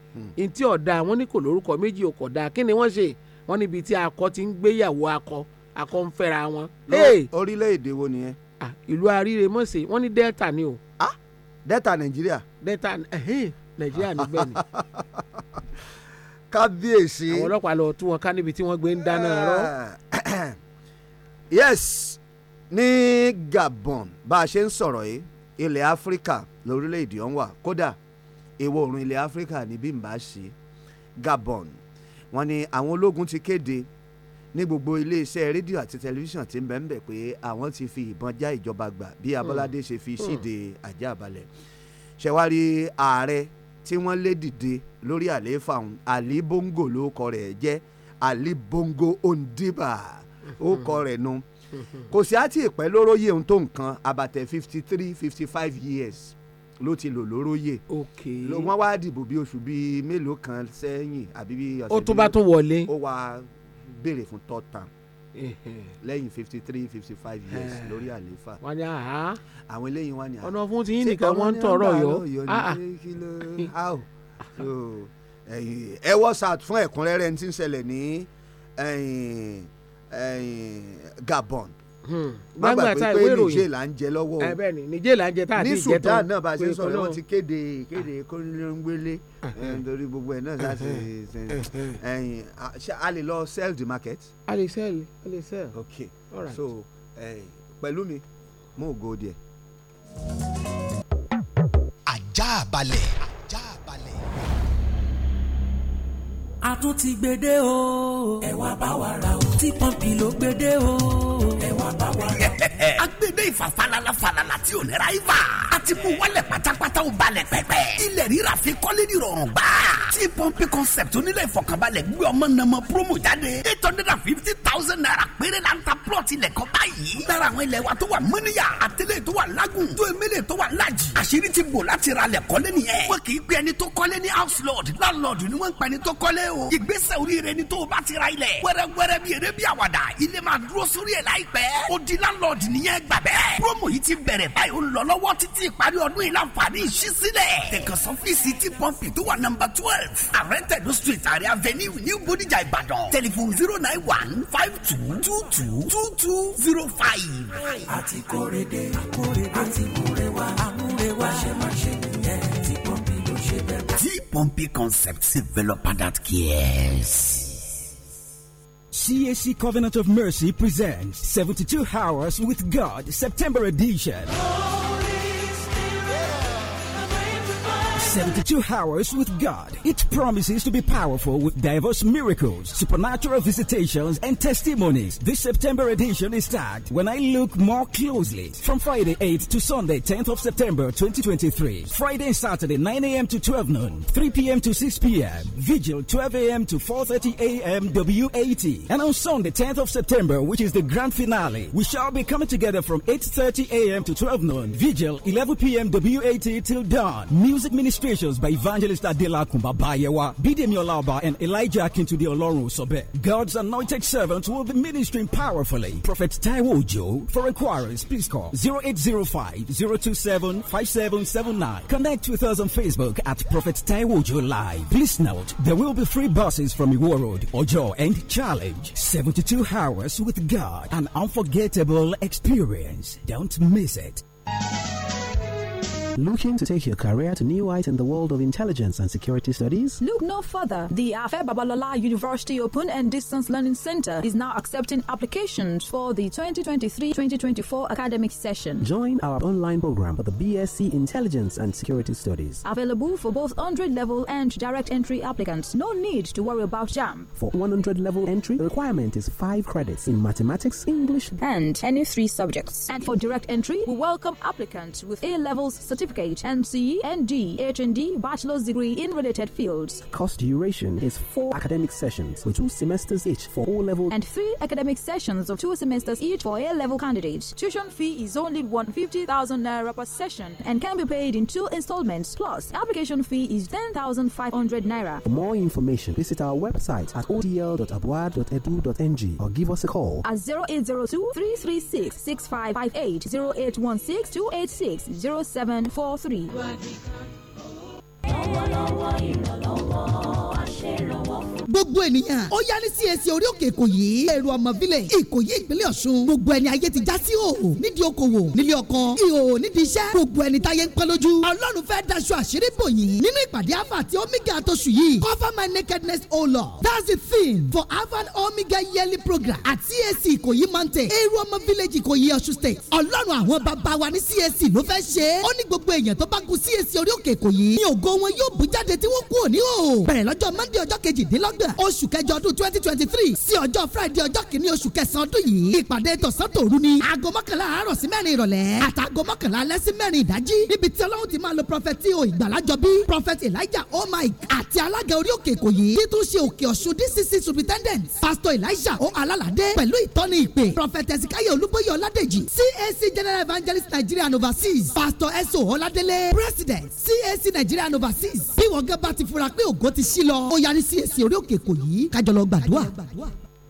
ntí ọ̀dà àwọn ní kò lórúkọ méjì ò kọ̀ dáa kí ni wọ́n ṣe wọ́n níbi tí akọ ti ń gbéyàwó akọ akọ ń fẹ́ra wọn. orílẹ̀-èdè wo nìyẹn. ìlú àríre mọ̀sẹ̀ wọ́n ní delta ni o. Ah! delta nàìjíríà. delta nàìjíríà níbẹ̀ ni. kábíyèsí. àwọn ọlọ́pàá lọ tú wọn ká níbi tí wọ́n gbé ń dáná rọ. yes ní Gabon bá a ṣe ń sọ̀rọ̀ yìí ilẹ̀ Áfíríkà lórílẹ̀‐èdè ọ̀hún wà kódà ìwọ̀ oòrùn ilẹ̀ Áfíríkà ní bí n bá ṣe Gabon wọ́n ní àwọn ológun ti kéde ní gbogbo iléeṣẹ́ rédíò àti tẹlifíṣàn tí ń bẹ̀ ń bẹ̀ pé àwọn ti fi ìbọn já ìjọba gbà bí hmm. abọ́ládé ṣe fi síde hmm. àjá àbálẹ̀ ṣẹ̀wárí ààrẹ tí wọ́n lé dìde lórí àlééfà ọ̀hún Ali Bongo ló kọ rẹ̀ jẹ́ Ali Bongo Ondimba ó kọ rẹ̀ nu hmm. kò sí àti ìpẹ́ lóró yìí ohun tó nǹkan àbàtẹ̀ fifty three fifty five years ló ti lò lóróyè wọ́n wá dìbò bí oṣù bíi mélòó kan sẹ́yìn àbí bí ọ̀sẹ̀ bíi ó tún bá tún wọlé ó wá béèrè fún third term lẹ́yìn fifty three fifty five years lórí àlééfà. wọ́n ní àhá. àwọn eléyìí wọ́n ní àhá. ọ̀nà fún ti yín nìkan wọ́n ń tọrọ yọ. Ah, ah. ẹ WhatsApp fún ẹ̀kúnrẹ́rẹ́ ní ti ń ṣẹlẹ̀ ní Gabon Hmm. gbàgbà pé pé nìjẹ́ là ń jẹ lọ́wọ́ o bẹ́ẹ̀ ni nìjẹ́ là ń jẹ tá a ti jẹ tán ní Sudan náà bá a ṣe sọ ni wọ́n ti kéde kéde ah. kónílóńgbélé ah. nítorí gbogbo ẹ̀ náà láti eh, eh, eh, ẹ̀yìn a lè lọ sell the market. a lè sell a lè sell. ok alright so pẹ̀lú mi mo go there. ajá balẹ̀. a tún ti gbede o. ẹ wá bá wa ra o. tí pọ́ǹpì ló gbede o. ẹ wá bá wa ra o. agbede ìfàfàlàlà falala tí ò lẹ́ra ibà. a ti mú wálẹ̀ pátápátá ó balẹ̀ pẹ́pẹ́. ilẹ̀ rírà fi kọ́lé ní rọrùn gbà. tí pọ́ǹpì concept onílẹ̀ ìfọ̀kànbalẹ̀ gbé ọmọ nàmọ promo jáde. eight hundred and fifty thousand naira péré la ń ta plot ilẹ̀ kan báyìí. lára àwọn ilẹ̀ wa tó wà mọ́níyà àtẹlẹ́ tó wà lágùn tó emele tó wà lájì. àṣírí ti bò láti ra lẹ̀ kọ́lé nìyẹn. wọ́n kì í pe ẹni tó kọ́lé ní house lord landlord ni wọ́n ń pa ẹni tó kọ́lé o ìgbésẹ̀ oríire ni tó o bá ti ra ilẹ̀ wẹ́rẹ́wẹ́rẹ́ bí eré bí àwàdà ilé máa dúró sórí ẹ̀ láìpẹ́ ó di landlord nìyẹn gbà bẹ́ẹ̀ promo yìí ti bẹ̀rẹ̀ báyìí ó ń lọ lọ́wọ́ títí ìparí ọdún yìí láǹfààní ìṣí sílẹ̀ tẹ̀kọ̀sán fíìsì tí pọ́ǹpì tó wà nọ́mbà twelve arẹ́tẹ̀dù street àrẹ avenue new Bodija Ìbàdàn Telephone zero nine one five two two two two two zero five. àti kórede àti kórede àti múrewa àmúrewa ṣe máa ṣe Pompe Concepts developer that cares. CAC Covenant of Mercy presents 72 Hours with God, September edition. Oh! 72 hours with God. It promises to be powerful with diverse miracles, supernatural visitations, and testimonies. This September edition is tagged When I Look More Closely from Friday 8th to Sunday 10th of September 2023. Friday and Saturday 9 a.m. to 12 noon, 3 p.m. to 6 p.m. Vigil 12 a.m. to 4.30 a.m. W80. And on Sunday 10th of September, which is the grand finale, we shall be coming together from 8.30 a.m. to 12 noon. Vigil 11 p.m. W80 till dawn. Music Ministry illustrations by evangelist Adela Kumbabayewa, Bidemi Olaba, and Elijah Akintude Olorun Sobe. God's anointed servants will be ministering powerfully. Prophet Taiwo Joe. For inquiries, please call 0805 027 5779. Connect with us on Facebook at Prophet Taiwo Joe Live. Please note, there will be free buses from Iwo Road, Ojo, and Challenge. 72 hours with God. An unforgettable experience. Don't miss it. Looking to take your career to new heights in the world of intelligence and security studies? Look no further. The Afe Babalola University Open and Distance Learning Center is now accepting applications for the 2023-2024 academic session. Join our online program for the BSc Intelligence and Security Studies. Available for both 100 level and direct entry applicants. No need to worry about jam. For 100 level entry, the requirement is 5 credits in mathematics, English, and any 3 subjects. And for direct entry, we welcome applicants with A levels certificate certificate, MC, ND, HND, bachelor's degree in related fields. Course duration is four academic sessions with two semesters each for O level and three academic sessions of two semesters each for A level candidates. Tuition fee is only 150,000 naira per session and can be paid in two installments. Plus, application fee is 10,500 naira. For more information, visit our website at odl.abua.edu.ng or give us a call at 0802 336 6558 0816 286 07 four three. lọ́wọ́lọ́wọ́ ìrànlọ́wọ́ aṣèrànwọ́ fún. gbogbo ènìyàn ó yá ní CAC e orí òkè ìkòyí èrò ọmọ village ìkòyí ìpínlẹ̀ ọ̀ṣun gbogbo ẹni ayé ti já sí òòhò nídìí okòwò nílé ọkọ ìhòòhò nídìí iṣẹ́ gbogbo ẹni táyé ń pẹ́ lójú ọlọ́run fẹ́ daṣọ àṣírí bò yín nínú ìpàdé alpha àti omega àtọ̀ṣù yìí cover my nakedness o lord that's the thing for alpha and omega yearly program at CAC e ìkòyí mountain èrò ọmọ village ìkòyí ọ̀ṣun state ọlọ́run àwọn bàbá wa ní CAC e ló fẹ́ ṣe é ó ní gbogbo èèyàn tó bá gbogbo wọn yóò bú jáde tí wọ́n kú òní o. bẹ̀rẹ̀ lọ́jọ́ mọ́ndé ọjọ́ kejìdínlọ́gbọ̀n oṣù kẹjọ ọdún twenty twenty three sí ọjọ́ friday ọjọ́ kìíní oṣù kẹsàn-án ọdún yìí. ìpàdé tọ̀sán tòru ni aago mọ́kànlá àárọ̀ sí mẹ́rin ìrọ̀lẹ́ àtàgọ́ mọ́kànlá alẹ́ sí mẹ́rin ìdájí níbi tí ọlọ́run ti máa lo prọfẹtì o ìgbàlájọ bí prọfẹtì elijah omaik oh àti alága orí òkè èkó yìí títún ṣe òkè ọ̀ṣun dcc superintendent pastor elijah o alalade pẹ̀lú ìtọ́ni ìpè prọfẹtì ẹ̀sìkáyé olúbóyè ọládèjì cac general evangelist nigeria and overseas pastor eso ọládélé president cac nigeria and overseas bí wọ́n gẹ́gẹ́ bá ti fura pé ògo ti sí lọ ó yarí sí èsì orí òkè kò yìí kájọ lọ gbàdúrà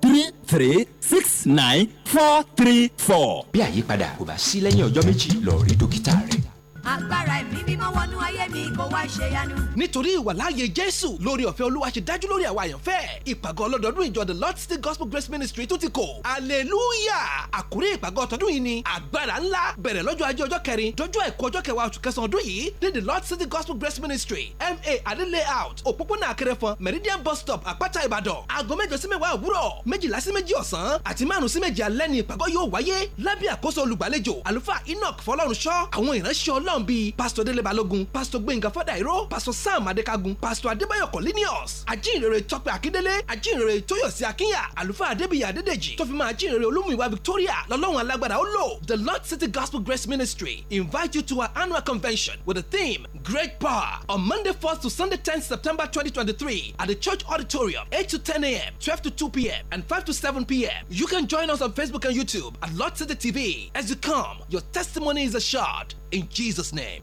three three six nine four three four. bí àyípadà kò bá sí lẹ́yìn ọjọ́ méjì lọ rí dókítà rẹ. agbára ẹ̀mí kan wọnú ayé mi kó wá ṣe yanu. nítorí ìwàláàyè jésù lórí ọ̀fẹ́ olúwa ṣe dájú lórí àwa àyànfẹ́ ìpàgọ́ ọlọ́dọọdún ìjọ the lord city gospel grace ministry tún ti kò hallelujah àkórí ìpàgọ́ ọtọ́dún yìí ni agbára ńlá bẹ̀rẹ̀ lọ́jọ́ ajé ọjọ́ kẹrin dọ́jọ́ ẹ̀kọ́ ọjọ́ kẹwàá oṣù kẹsàn-án ọdún yìí ní the lord city gospel grace ministry ma adé layout òpópónà akẹrẹfọn meridian bus stop àpáta ìbàdàn aago mẹ́jọ sí mẹ́wàá òwúrọ̀ méjìlá sí méjì ọ̀sán àti márùn sí méjì alẹ́ ni ìpàgọ́ yóò wáyé lábẹ́ àkóso olùgbàlejò àlùfáà enoch fọlọ́runṣọ́ àwọn ìránṣẹ́ ọlọ́run bíi pásítọ̀ délé balógun pásítọ̀ gbẹ̀ngà fàdáìró pásítọ̀ sam adékagun pásítọ̀ adébáyọ̀ kọ́líníọ̀s ajínrere tọ́pẹ́ akíndélé ajínrere tóyọ̀sí akínyà àlùfáà adébíyì adédèjì tó fi ajínrere olómìnira victoria lọ́lọ́run alágbára ó lò the lord city gospel grace ministry invite you to our annual convention with the theme great power on monday fourth to sunday tenth september twenty twenty three at the church auditorium eight to ten a.m twelve to two p.m and five to seven p.m you can join us on facebook and youtube at lord city tv as you come your testimony is assured in jesus name.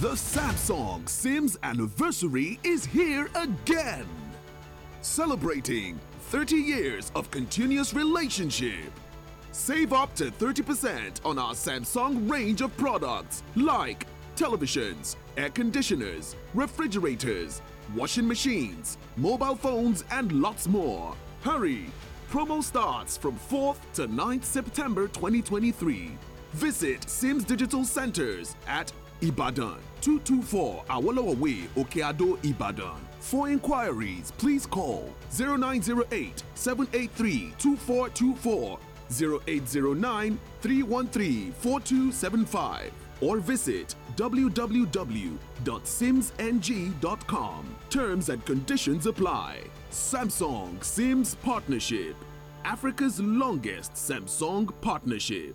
The Samsung Sims anniversary is here again. Celebrating 30 years of continuous relationship. Save up to 30% on our Samsung range of products like televisions, air conditioners, refrigerators, washing machines, mobile phones, and lots more. Hurry! Promo starts from 4th to 9th September 2023. Visit Sims Digital Centers at Ibadan. 224 Awolowo Way, Okeado, Ibadan. For inquiries, please call 0908 783 2424, 0809 313 4275, or visit www.simsng.com. Terms and conditions apply. Samsung Sims Partnership, Africa's longest Samsung partnership.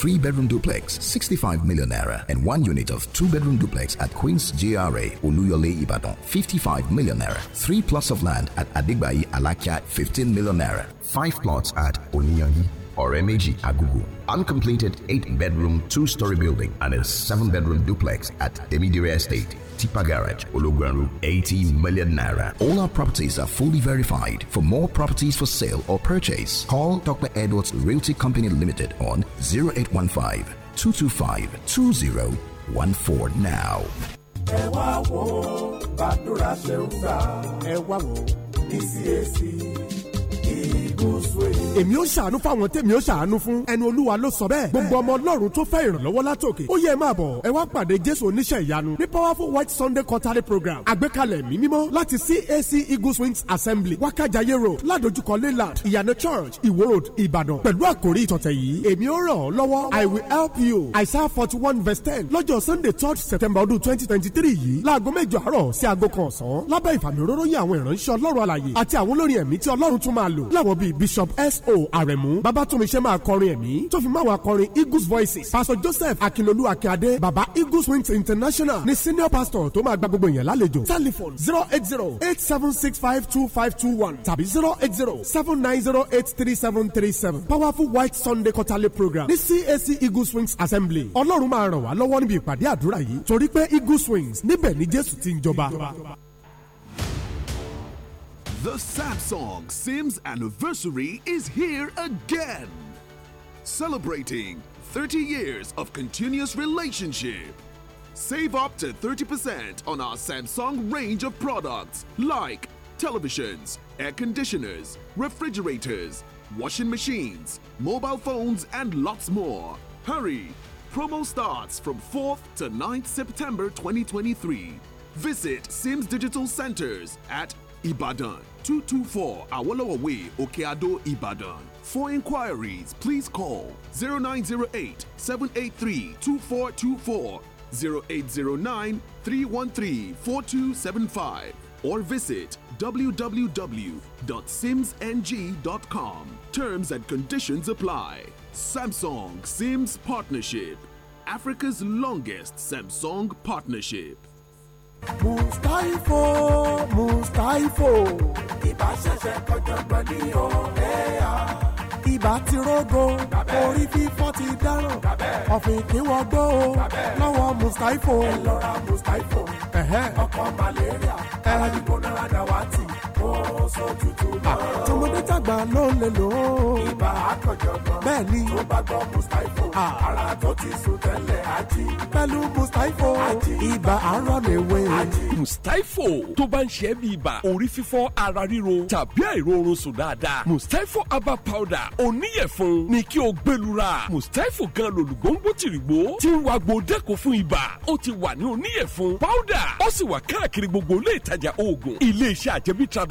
three bedroom duplex, 65 million naira, and one unit of two bedroom duplex at Queen's GRA, Oluyole Ibadan, 55 million naira, three plots of land at Adigbai Alakia, 15 million naira, five plots at Oniyangi or MAG Agugu. Uncompleted 8 bedroom, 2 story building and a 7 bedroom duplex at Demidire Estate, Tipa Garage, Ologuanru, 80 million naira. All our properties are fully verified. For more properties for sale or purchase, call Dr. Edwards Realty Company Limited on 0815 225 2014 now. dcac èmi ó ṣàánú fáwọn tèmi ó ṣàánú fún ẹnu olúwa ló sọ bẹ́ẹ̀ gbogbo ọmọ ọlọ́run tó fẹ́ ìrànlọ́wọ́ látòkè ó yẹ máa bọ̀ ẹ wá pàdé jésù oníṣẹ́ ìyanu ní powerful white sunday quarterly program àgbékalẹ̀ mi mímọ́ láti cac eagles wings assembly wákàjáyé road ládojúkọ leyland ìyànà church ìwó road ìbàdàn pẹ̀lú àkòrí ìtọ̀tẹ̀ yìí èmi ó ràn ọ́ lọ́wọ́ i will help you isaiah forty one verse ten lọ́jọ́ sunday third september ọdún twenty twenty three yìí láago mẹ́jọ àárọ̀ sí aago kan ọ̀sán lábẹ́ ìfàmì òróró yẹ àwọn ìránṣẹ́ ọlọ́run àlàyé àti àwọn olórin ẹ̀mí tí olórin bishop S.O. Aremu babatunmiṣẹ́ máa kọrin ẹ̀mí tó fi máa wà kọrin eagles voices pastor joseph akinolu akíade baba eagles wings international ni senior pastor tó máa gba gbogbo èèyàn lálejò telephone zero eight zero eight seven six five two five two one tàbí zero eight zero seven nine zero eight three seven three seven powerful white sunday quarterly program ní CAC eagles wings assembly ọlọ́run máa ràn wá lọ́wọ́ níbi ìpàdé àdúrà yìí torí pé eagles wings níbẹ̀ ni jésù ti ń jọba. The Samsung Sims anniversary is here again. Celebrating 30 years of continuous relationship. Save up to 30% on our Samsung range of products like televisions, air conditioners, refrigerators, washing machines, mobile phones, and lots more. Hurry! Promo starts from 4th to 9th September 2023. Visit Sims Digital Centers at Ibadan, 224 Awolowo Way, Okeado, Ibadan. For inquiries, please call 0908 783 2424, 0809 313 4275, or visit www.simsng.com. Terms and conditions apply. Samsung Sims Partnership, Africa's longest Samsung partnership. mustaifo mustaifo. ibà ṣẹ̀ṣẹ̀ kọjọ́gbọ́n ní ọ̀rẹ́ à. ibà ti rógo orí fífọ́ ti dáràn ọ̀fìn kí wọ́n gbó o lọ́wọ́ mustaifo. ẹ lọ ra mustaifo ọkọ̀ malaria aládìgbò náírà dàwátì tọmọdé tàgbà ló lè lò ó. ibà àkànjọ̀gbọ́n. bẹ́ẹ̀ ni. tó bá gbọ́ mustapho. ara tó ti sùn tẹ́lẹ̀ ají. pẹ̀lú mustapho. ají ibà arọ lè wé. ají mustapho tó bá ń ṣe é bí ibà orí fífọ́ ara ríro tàbí àìróorun sùn dáadáa. mustapho herbal powder oníyẹ̀fun ni kí o gbẹlura. mustapho gan lòlùgbòǹgbò tìrìgbò ti ń wa gbo dẹ́kun fún ibà. ó ti wà ní oníyẹ̀fun powder ó sì wà káàkiri gbogbo ilé ìtajà oògùn ilé iṣẹ́ àjẹmí trad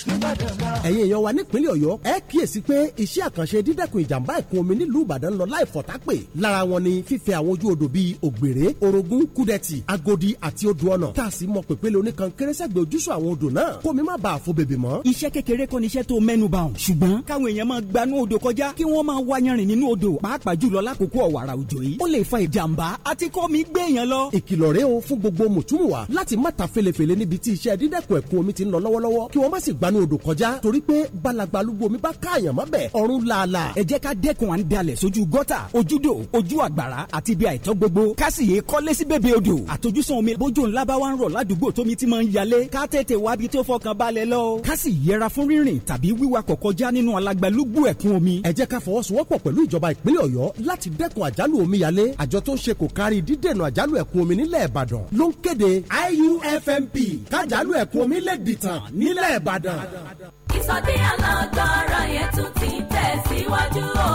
ẹ̀yin èèyàn wa nípínlẹ̀ ọ̀yọ́ ẹ kíyèsí pé iṣẹ́ àkànṣe dídẹ́kun ìjàmbá ìkún omi nílùú ìbàdàn lọ láì fọ̀tápè lára wọn ni fífẹ́ àwọn ojú odò bíi ògbèrè orogún kúdẹ̀tì agodi àti odò ọ̀nà tá a sì mọ pèpele oníkan kérésẹ́gbẹ̀ ojúṣọ àwọn odò náà kó mi má bàa fo bèbè mọ́. iṣẹ́ kékeré kọ́ni iṣẹ́ tó mẹ́nu bà ọ́n ṣùgbọ́n káwọn èèyàn máa gbanú odò kọjá kí wọ́n máa wáyanrìn nínú odò pàápàá jùlọ lákòókò o fún gbogbo mùtúmùwà láti má ta felefele níbi tí iṣẹ́ dídẹ́kun ẹ̀kún omi ti ń ìgbànú odò kọjá torí pé balagba lúgbó mi bá káàyàn mọ́ bẹ̀ ọ̀run làálàá. ẹ jẹ́ ká dẹ́kun à ń dalẹ̀ sójú gọ́tà ojúdò ojú àgbàrá àti ibi àìtọ́ gbogbo kásìyè kọ́lé sí bèbè odò àtojúsùn omi bójú ńlá bá wà ń rọ̀ ládùúgbò tómi ti máa ń yalé ká tètè wá ibi tó fọkàn balẹ̀ lọ. kásì yẹra fún rírìn tàbí wíwakọ̀ kọjá nínú alagbalúgbú ẹ̀kún omi. ẹ nílẹ̀ ìbàdàn. ìsọdí alágbára yẹn tún ti tẹ̀síwájú o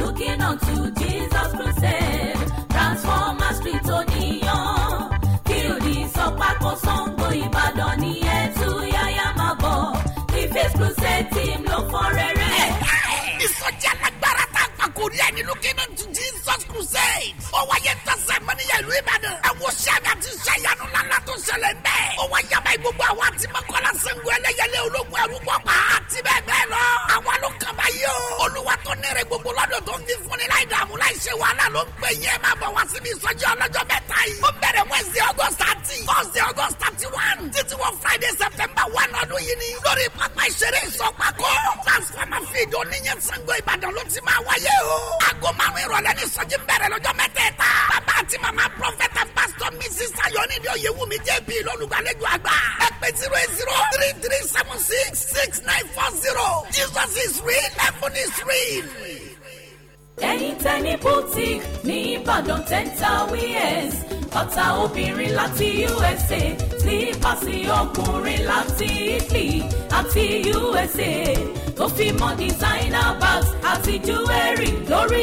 looking unto Jesus crusade eh, transformer street oní. Oh nínú kingdom to jesus crusade. ó wáyé tẹsẹ̀ mọ́níyà ìlú ìbàdàn. ẹ wo sẹ́mi àti sẹ́yanu lánàá tó ṣẹlẹ̀ bẹ́ẹ̀. ó wáyé báyìí gbogbo àwọn àti mọ́kànlá sẹ́ngun ẹlẹ́yẹlé ológun ẹrú pọ̀pá àti bẹ́ẹ̀ bẹ́ẹ̀ lọ. àwọn ló kàn báyìí o. olúwa tó nẹrẹ gbogbo lọ́dọ̀ tó ń fi fúnni láì dààmú láì ṣe wàhálà ló ń pè yẹn máa bọ̀ wá síbi ìsọjí ọlọ́jọ́ mẹ́ta yìí. ó bẹ̀rẹ̀ wednesday august thirty thursday august thirty one títí wọ friday september one ọdún yìí ni. lórí pápá ìṣeré ìsọpakọ transformer field oníyẹn sango ìbàdàn ló ti máa wáyé o aago márùn ìrọ̀lẹ́ ní sọ́jí bẹ̀rẹ̀ lọ́jọ́ mẹ́tẹ̀ẹ̀ta. bàbá àti màmá prophet and pastor mrs ayọ̀ni ni jp lọ́lùgbàlejò àgbà. ẹ pè zero eight zero three three seven six six nine four zero jesus is real heaven is real. ẹ̀yin tẹ́ ní boutique ní ìbàdàn dental wears ọ̀tá obìnrin láti usa tí pàṣẹ ọkùnrin láti italy àti usa tó fi mọ́ designer bags àti jewelry lórí